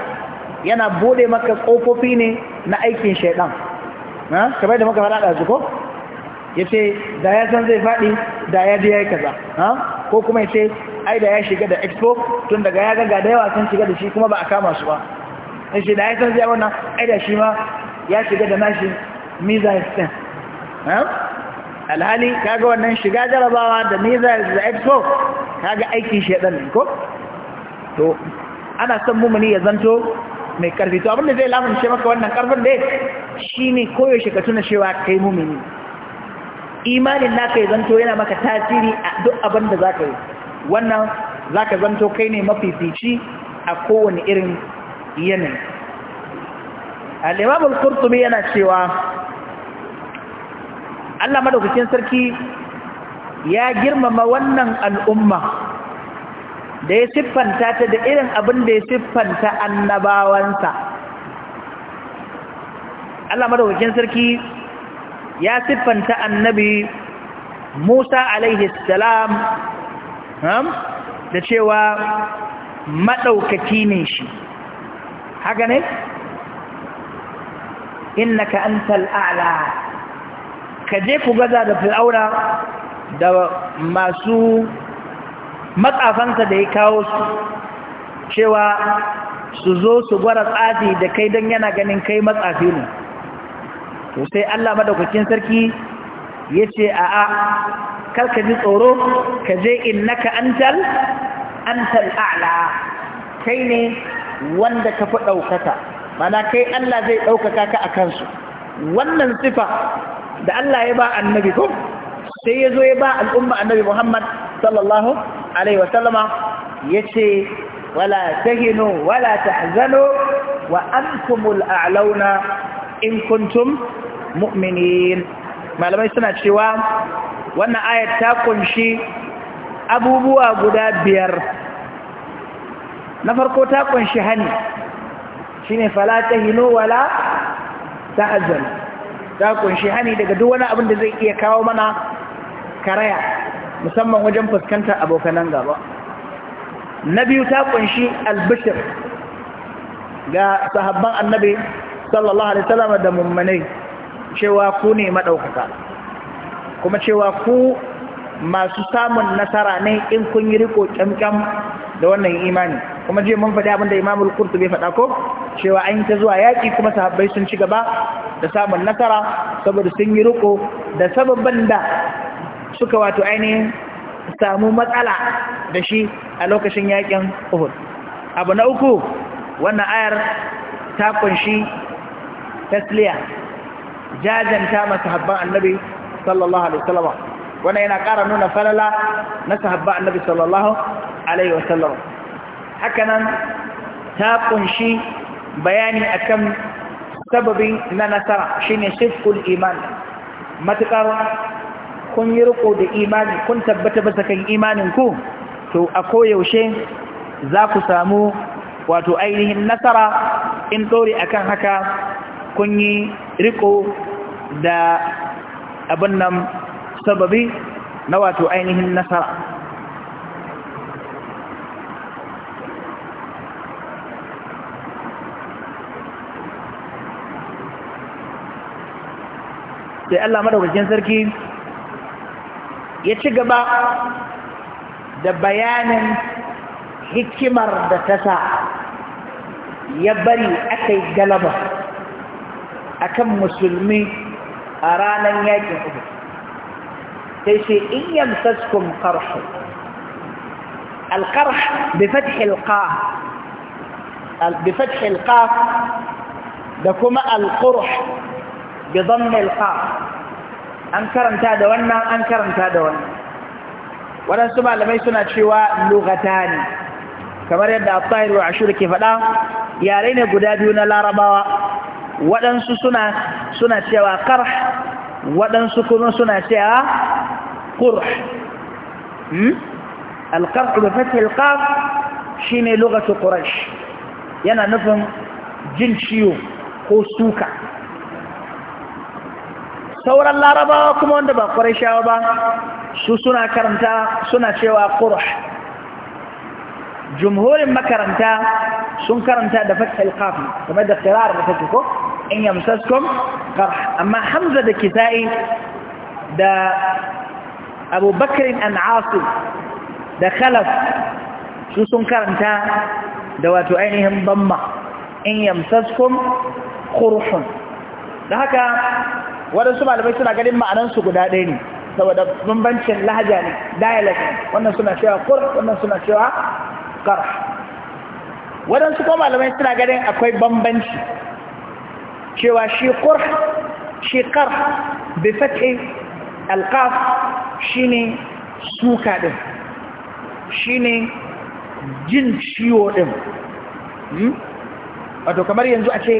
yana bude maka kofofi ne na aikin shaidan ha kamar da maka fara da ko ya ce da ya san zai faɗi da ya ji ya yi kaza ha ko kuma ce ai da ya shiga da expo tun daga ya ga da yawa sun shiga da shi kuma ba a kama su ba ce da ya san zai wannan ai da shi ma ya shiga da nashi miza ya ha alhali kaga wannan shiga jarabawa da miza da expo kaga aikin shaidan ne ko to ana son mumuni ya zanto mai karfi to abinda zai lamunce maka wannan karfin dai shine koyaushe ka tuna cewa kai mumini imanin naka ya zanto yana maka tasiri a duk abin da ka yi wannan za ka zanto kai ne mafifici a kowane irin yanayi al'imamul kurtumi yana cewa Allah madaukakin sarki ya girmama wannan al'umma da ya siffanta ta da irin abin da ya siffanta annabawansa Allah madaukakin sarki ya siffanta annabi Musa alaihi salam hmm, da cewa maɗaukaki ne shi haka ne innaka antal a'la ka je ku gaza da fir'auna da masu matsafansa da ya kawo su cewa su zo su gwara tsafi da kai don yana ganin kai matsafi ne to sai Allah madaukakin sarki ya ce a a karka ji tsoro ka je innaka antal antal a'la kai ne wanda ka fi ɗaukaka mana kai Allah zai ɗaukaka ka a kansu wannan sifa da Allah ya ba annabi ko sai ya zo ya ba al'umma annabi Muhammad sallallahu alaihi wasallama yace wala tahinu wala tahzanu wa antumul a'launa in kuntum mu'minin malamai suna cewa wannan ayat ta kunshi abubuwa guda biyar na farko ta kunshi hani shine fala tahinu wala tahzanu ta kunshi hani daga duk wani abin da zai iya kawo mana karaya musamman wajen fuskantar abokanan gaba na biyu ta ƙunshi albishir ga sahabban annabi sallallahu alaihi wasallam da mummunai cewa ku ne maɗaukaka, kuma cewa ku masu samun nasara ne in kun yi riko ƙyamƙyam da wannan imani kuma je mun faɗi abinda Imam al bai faɗa ko cewa an yi ta zuwa yaƙi kuma sahabbai sun ci gaba da samun nasara saboda sun yi riko da sababban da suka wato ainihin samu matsala da shi a lokacin yakin Uhud abu na uku wannan ayar ta kunshi tasliya jajanta masu habban annabi sallallahu alaihi wasallam wannan yana ƙara nuna falala na sahabban annabi sallallahu alaihi wasallam hakanan ta kunshi bayani akan sababin na nasara shine shifkul iman matukar kun yi riko da imani kun tabbata ba sakan imanin ku to a koyaushe za ku samu wato ainihin nasara in dore akan haka kun yi riko da abin nan sababi na wato ainihin nasara sai Allah madaukakin sarki ya ci gaba da bayanin hikimar da ta sa ya bari aka yi galaba a kan musulmi a ranar yakin uku sai ce in yamsaskun ƙarfi alƙarf bifatih alƙaf da kuma alƙurf bi zammil ƙaf an karanta da wannan an karanta da wannan waɗansu malamai suna cewa lugata ne kamar yadda al-tahir wa ashur ke faɗa yare ne guda biyu na larabawa waɗansu suna suna cewa qarh waɗansu kuma suna cewa qurh hmm? al-qarh bi fath al shine lugatu quraish yana nufin jin ciwo ko suka sauran larabawa kuma wanda ba ƙwarishawa ba su suna karanta suna cewa ƙurh jumhurin makaranta sun karanta da fathil qaf kuma da qirar da take ko in yamsaskum qarh amma hamza da kitai da abu bakr an asib da khalaf su sun karanta da wato ainihin bamma in yamsaskum qurhun da haka waɗansu malamai suna ganin ma'anansu guda ɗaya ne saboda bambancin lahaja ne dialect wannan suna cewa kur wannan suna cewa kar waɗansu kuma malamai suna ganin akwai bambanci cewa shi kur shi kar bi fat'i alqaf shine suka din shine jin ciwo din hmm? wato kamar yanzu a ce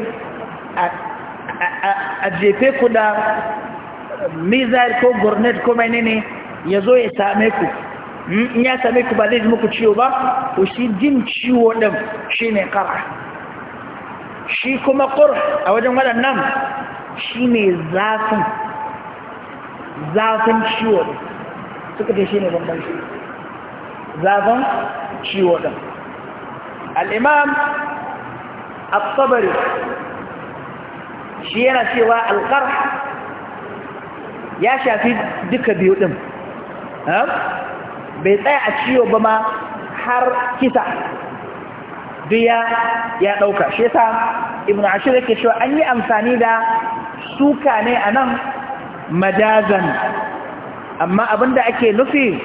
a jefe ku da mizar ko gornet ko mai ne ya zo ya same ku hmm, in ya same ku ba zai ji muku ciwo ba ku shi jin ciwo ɗin shi ne ƙara shi kuma ƙur a wajen waɗannan shi ne zafin zafin ciwo ɗin suka ce shi ne bambanci zafin ciwo ɗin al'imam a tsabari shi yana cewa alkar ya shafi duka biyu ɗin bai tsaya a ciwo ba ma har kisa duk ya ɗauka shi yasa ibn ashir yake cewa an yi amfani da suka ne a nan majazan amma abinda ake nufi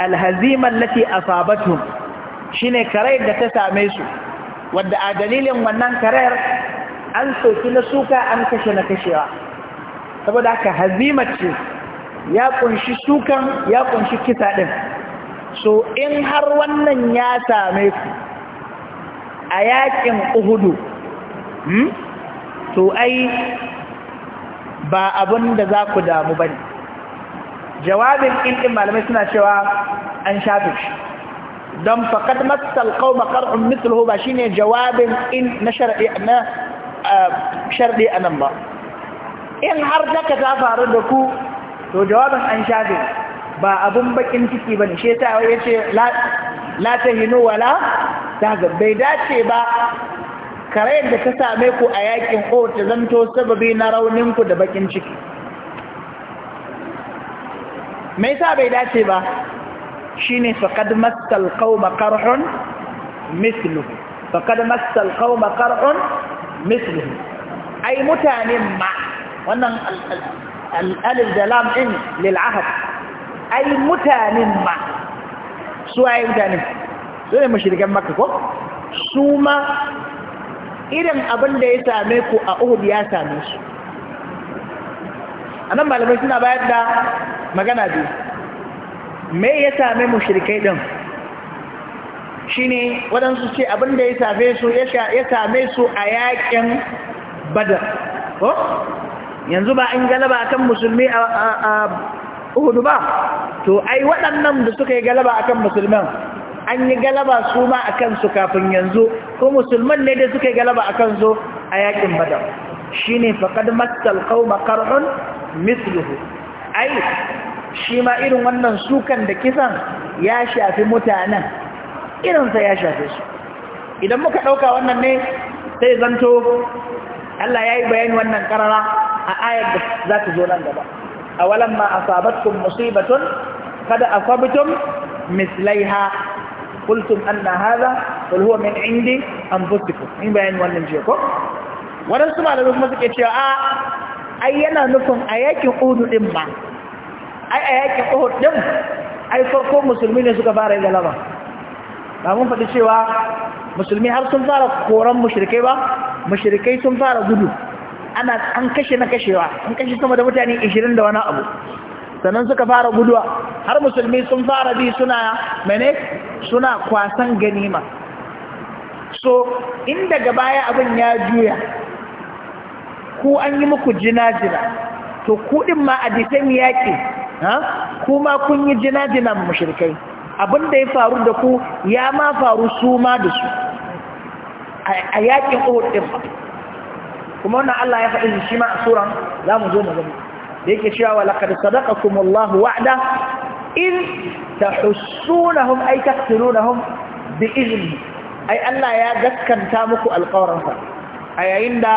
alhaziman lati Fabatu shine karai da ta same su wadda a dalilin wannan karar an soki na suka an kashe na kashewa saboda haka hazimar ce ya kunshi sukan ya kunshi kisa din so in har wannan ya same ku a yakin uhudu hmm, to ai ba abin da za ku damu ba ne jawabin ɗin malamai suna cewa an shafe shi don faƙad matsal ƙauma mitulhu ba shi ne jawabin in na shari'a na sharɗi a nan ba in har daga ta faru da ku to jawabin an shafe ba abun bakin ciki ba ne shi ta ya ce la ta hinu wala bai dace ba kare da ta same ku a yakin ko ta zanto sababi na rauninku da bakin ciki mai sa bai dace ba shi ne faƙad matsal ƙauma ƙarhun mislu faƙad matsal ƙauma mislihi ai mutanen ma wannan al'alif da lam ɗin lil'ahad ai mutanen ma su ai mutanen su ne mashirgan maka ko su ma irin abin da ya same ku a uhud ya same su a nan malamai suna bayar da magana biyu me ya same mu shirkai ɗin shine waɗansu ce abinda ya tafe su ya same su a yakin badar ko yanzu ba in galaba akan musulmi a uhudu ba to ai waɗannan da suka yi galaba akan musulman an yi galaba su ma akan su kafin yanzu ko musulman ne da suka yi galaba akan su a yakin badar shine faqad massal qauma qarhun mithluhu ai shi ma irin wannan sukan da kisan ya shafi mutanen irinsa ya shafe su idan muka ɗauka wannan ne sai zanto Allah ya yi bayani wannan ƙarara a ayar da za ta zo nan gaba a walan ma a asabatkum musibatun kada asabtum mislaiha kultun anna hadha qul huwa min indi anfusikum in bayani wannan jiya ko wadansu malamai kuma suke cewa a ai yana nufin a yakin uhudu din ma ai a yakin uhud din ai farko musulmi ne suka fara yi galaba ba mun faɗi cewa musulmi har sun fara koran mushrikai ba mushrikai sun fara gudu ana an kashe na kashewa an kashe sama da mutane 20 da wani abu sannan suka fara guduwa har musulmi sun fara bi suna mene suna kwasan ganima so in daga baya abin ya juya ku an yi muku jina-jina to kuɗin ma a disan yaƙi kuma kun yi jina-jinan mushrikai abin da ya faru da ku ya ma faru su ma da su a yakin uhud ɗin ba kuma wannan Allah ya faɗi shi ma a suran za mu zo mu gani da yake cewa wa kuma sadaqakumullahu Wa'ada in ta tahussunahum ay taqtulunahum da izini. ai Allah ya gaskanta muku alƙawarinsa a yayin da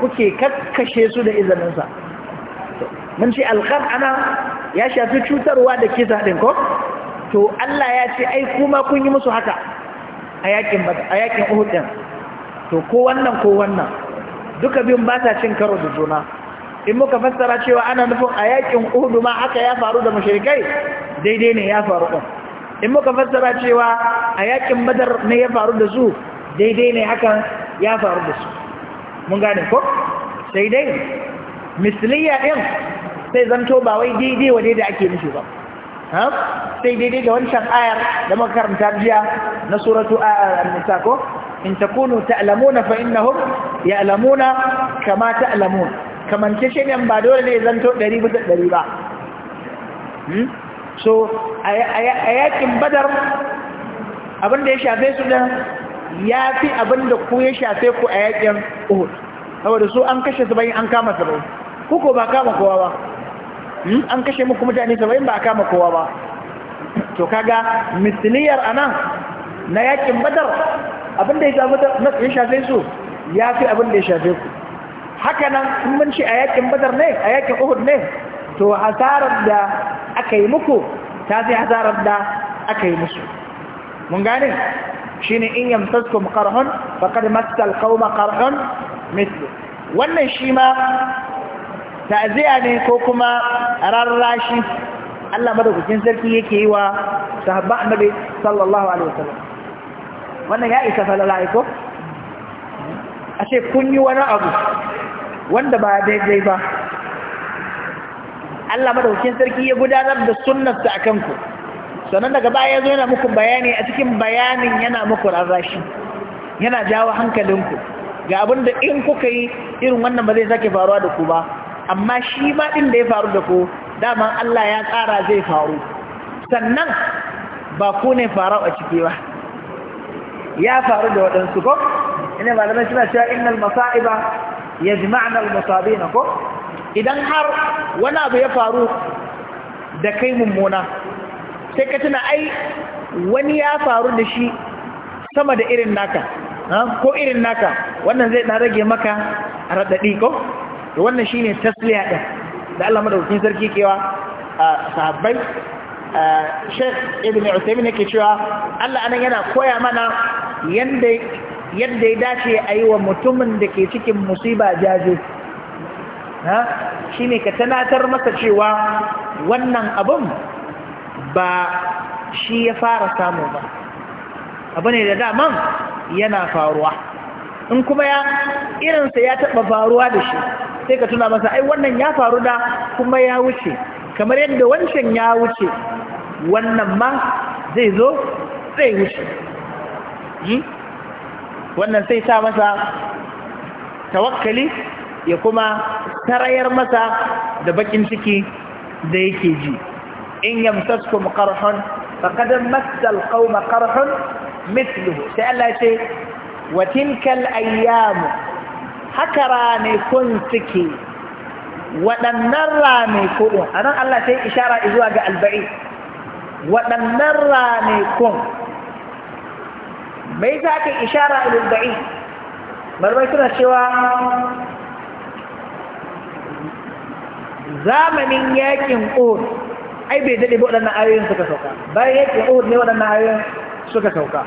kuke kakkashe su da izininsa mun ce alƙar ana ya shafi cutarwa da kisa ɗin ko to Allah ya ce ai kuma kun yi musu haka a yakin a yakin Uhud din to ko wannan ko wannan duka biyun ba ta cin karo da juna in muka fassara cewa ana nufin a yakin Uhud ma haka ya faru da mushrikai daidai ne ya faru din in muka fassara cewa a yakin Badar ne ya faru da su daidai ne haka ya faru da su mun gane ko sai dai misliya din sai zanto ba wai daidai wa daidai ake nufi ba sai daidai da wancan ayar da makaranta jiya na suratu al-nisa ko in takunu ta'lamuna fa innahum ya'lamuna kama ta'lamun kamance shi ne ba dole ne zanto 100 bisa 100 ba hmm? so a yakin badar abinda ya shafe su din ya fi abinda ku ya shafe ku a yakin uhud saboda su an kashe su bayan an kama su ku ko ba kama kowa ba Hmm, an kashe muku mutane saba'in ba a kama kowa ba to kaga misiliyar anan na yakin badar abinda ya shafe su ya fi abinda ya shafe ku haka nan in mun ce a yakin badar ne a yakin uhud ne to hasarar da aka yi muku ta fi hasarar da aka yi musu mun gane shine in yamsaskum qarhun faƙar massal qauma qarhun mithlu wannan shi ma ta'ziya ne ko kuma rarrashi Allah madaukakin sarki yake yi wa sahabba annabi sallallahu alaihi wasallam wannan ya isa falala ko ce kun yi wani abu wanda ba daidai ba Allah madaukakin sarki ya gudanar da sunnarsa akan ku sannan daga baya yazo yana muku bayani a cikin bayanin yana muku rarrashi yana jawo hankalinku ga abin da in kuka yi irin wannan ba zai sake faruwa da ku ba amma shi ma ɗin da ya faru da ku daman Allah ya tsara zai faru sannan ba ku ne faru a ciki ba ya faru da waɗansu ko ina malamai suna cewa innal masa'iba yajma'na al-musabin ko idan har wani abu ya faru da kai mummuna sai ka tuna ai wani ya faru da shi sama da irin naka ko irin naka wannan zai na rage maka a raɗaɗi ko da wannan shine tasliya ɗin, da Allah madaukakin sarki kewa sahabbai Sheikh Ibn Uthaymeen yake cewa Allah anan yana koya mana yadda ya dace a yi wa mutumin da ke cikin musiba jaje shi ne ka tanatar masa cewa wannan abin ba shi ya fara samu ba abu ne da daman yana faruwa in kuma ya irinsa ya taɓa faruwa da shi sai ka tuna masa ai wannan ya faru da kuma ya wuce kamar yadda wancan ya wuce wannan ma zai zo zai wuce hmm? wannan sai sa masa tawakkali ya kuma tarayar masa da bakin ciki da yake ji in yamsaskum qarhun faqad massa alqawma qarhun mithluhu sai Allah ce wa tilka ayyamu haka kun suke waɗannan kuɗin a nan Allah sai ishara zuwa ga alba'i waɗannan kun mai za ka ishara a alba'i marmai suna cewa zamanin yakin ƙor ai bai daɗe ba waɗannan ayoyin suka sauka bayan yakin ƙor ne waɗannan ayoyin suka sauka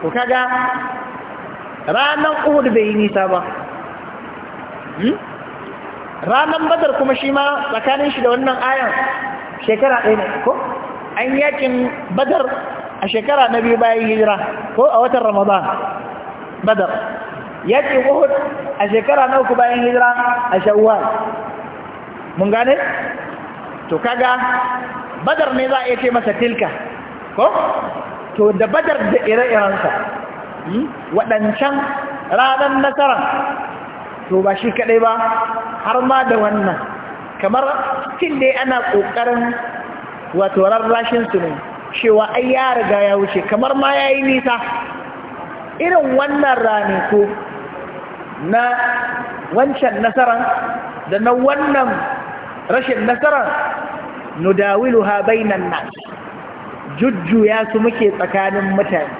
ko kaga ranar ƙor bai yi nisa ba Hmm? ranan badar kuma shi ma tsakanin shi da wannan ayan shekara ɗaya ne ko an yakin badar a shekara na biyu bayan hijira ko a watan ramadan badar yakin uhud a shekara na uku bayan hijira a shawwal mun gane to kaga badar ne za a iya ce masa tilka ko to da badar da ire-irensa hmm? waɗancan ranar nasarar to ba shi kaɗai ba har ma da wannan kamar cikin dai ana ƙoƙarin wato rarrashinsu ne cewa ai ya riga ya wuce kamar ma ya yi nisa irin wannan ko na wancan nasarar da na wannan rashin nasarar nudawilu ha bainan nas jujjuya su muke tsakanin mutane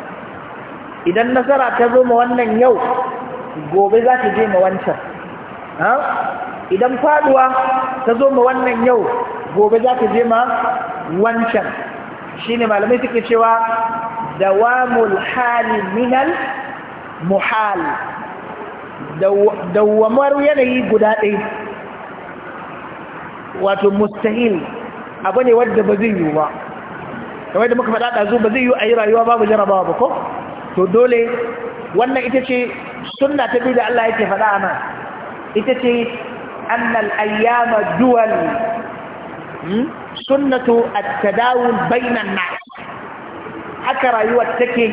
idan nasara ta zo ma wannan yau gobe za ta je ma wancan idan faduwa ta zo ma wannan yau gobe za ta je ma wancan shine malamai suke cewa dawamul hali minal muhal dawamar yanayi guda ɗaya wato mustahil abu ne wadda ba zai yiwu ba kamar da muka faɗa ɗazu ba zai yiwu a yi rayuwa babu jarabawa ba ko to dole wannan ita ce sunna ta biyu da Allah yake faɗa a nan ita ce annal ayyama duwal hmm, sunnatu at-tadawul bainan nas haka rayuwar take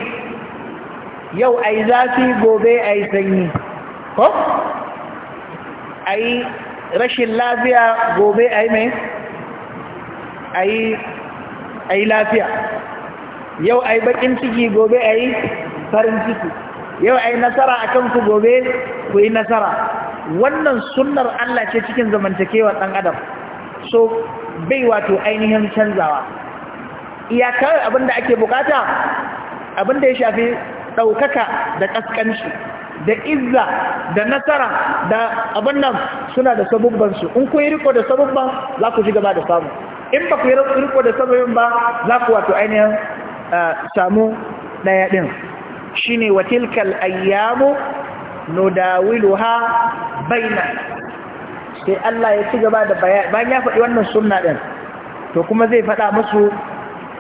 yau ai zafi gobe ai sanyi ko ai rashin lafiya gobe ai mai ai ai lafiya yau ai bakin ciki gobe ai farin ciki yau ai nasara a kanku gobe ku yi nasara wannan sunnar Allah ce cikin zamantakewar ɗan adam so bai wato ainihin canzawa iyakar abinda ake bukata abinda ya shafi ɗaukaka da ƙasƙanci da izza da nasara da abin nan suna da sabubbansu in ku yi riko da sabubban za ku shiga ba da samu in ba ku yi riko da sabubban ba za ku wato ainihin eh, samu ɗaya ɗin shine wa tilkal ayyamu ha baina sai Allah ya ci gaba da bayan ya faɗi wannan sunna ɗin to kuma zai faɗa musu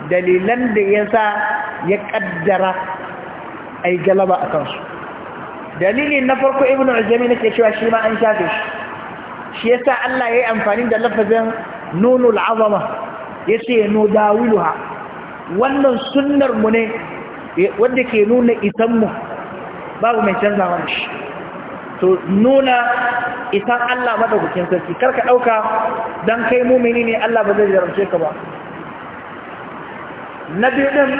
dalilan da ya sa ya ƙaddara a yi galaba a kansu dalilin na farko ibn azami nake cewa shi ma an shafe shi shi ya sa Allah ya yi amfani da lafazin nunul azama ya ce ha? wannan sunnar mu ne Eh, wanda ke nuna isanmu babu mai canza wani shi to nuna isan Allah madaukakin sarki ka ɗauka don kai mumini ne Allah ba zai jarumce ka ba na biyu ɗin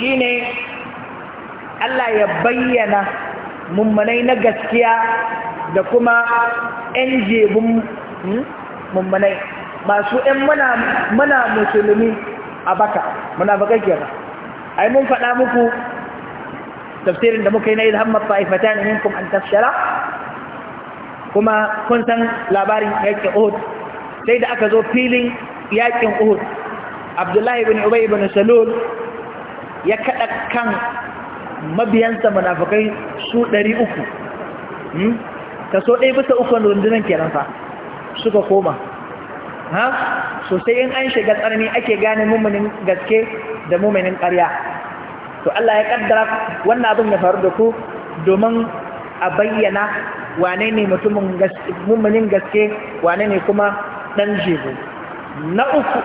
shi Allah ya bayyana mummanai na gaskiya da kuma ƴan jebin hmm, mummanai masu ‘yan mana musulmi a baka muna baka kenan ai mun faɗa muku tafsirin da muka yi na yi zahammar ta'ifatan minkum an tafshara kuma kun san labarin yaƙin uhud sai da aka zo filin yaƙin uhud abdullahi bin ubay bin salul ya kaɗa kan mabiyansa munafukai su ɗari uku so ɗaya bisa ukun rundunar kenan fa suka koma ha sosai in an shiga tsarni ake gane mummunin gaske da mummunin ƙarya to Allah ya kaddara wannan abin ya faru da ku domin a bayyana wane ne mutumin mummunin gaske wane ne kuma ɗan jebu na uku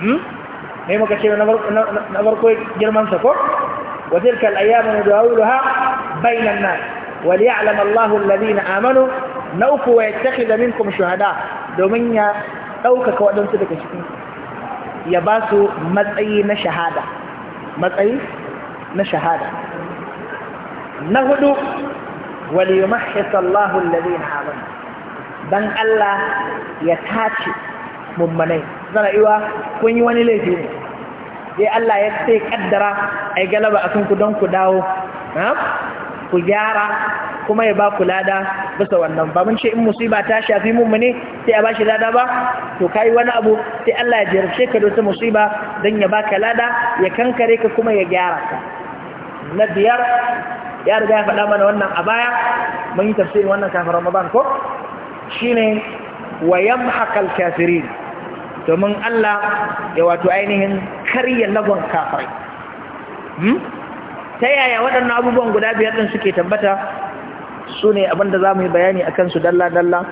ne hmm? muka ce na farko girmansa ko وتلك الأيام alamallahu بين الناس وليعلم الله الذين آمنوا نوفوا ويتخذ minkum shahada. domin ya ɗaukaka waɗansu daga cikin ya ba su matsayi na shahada matsayi na shahada na hudu وليمحص الله الذين آمنوا Allah ya tace mummanai zana iwa kun yi wani laifi ne sai Allah ya sai kaddara a galaba akan ku don ku dawo ku gyara kuma ya ba ku lada bisa wannan ba mun ce in musiba ta shafi mu ne sai a bashi lada ba to kai wani abu sai Allah ya jarabce ka da musiba dan ya baka lada ya kankare ka kuma ya gyara ka na biyar ya riga ya faɗa mana wannan a baya mun yi tafsirin wannan kafin Ramadan ko shine wa yamhaqal kafirin domin Allah ya wato ainihin karya lagon kafirai hmm? ta yaya waɗannan abubuwan guda biyar ɗin suke tabbata su ne abinda za mu yi bayani a kansu dalla-dalla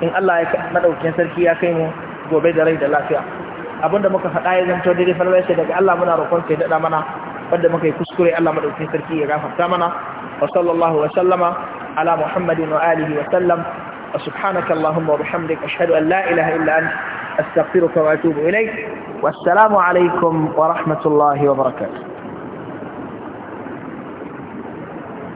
in Allah ya maɗaukin sarki ya kai mu gobe da rai da lafiya abinda muka faɗa ya zanto daidai falwai sai daga Allah muna roƙon sai daɗa mana wanda muka yi kuskure Allah maɗaukin sarki ya gafarta mana wa sallallahu wa sallama ala muhammadin wa alihi wa sallam wa subhanaka allahumma wa bihamdik ashhadu an la ilaha illa ant astaghfiruka wa atubu ilaik wassalamu alaikum wa rahmatullahi wa barakatuh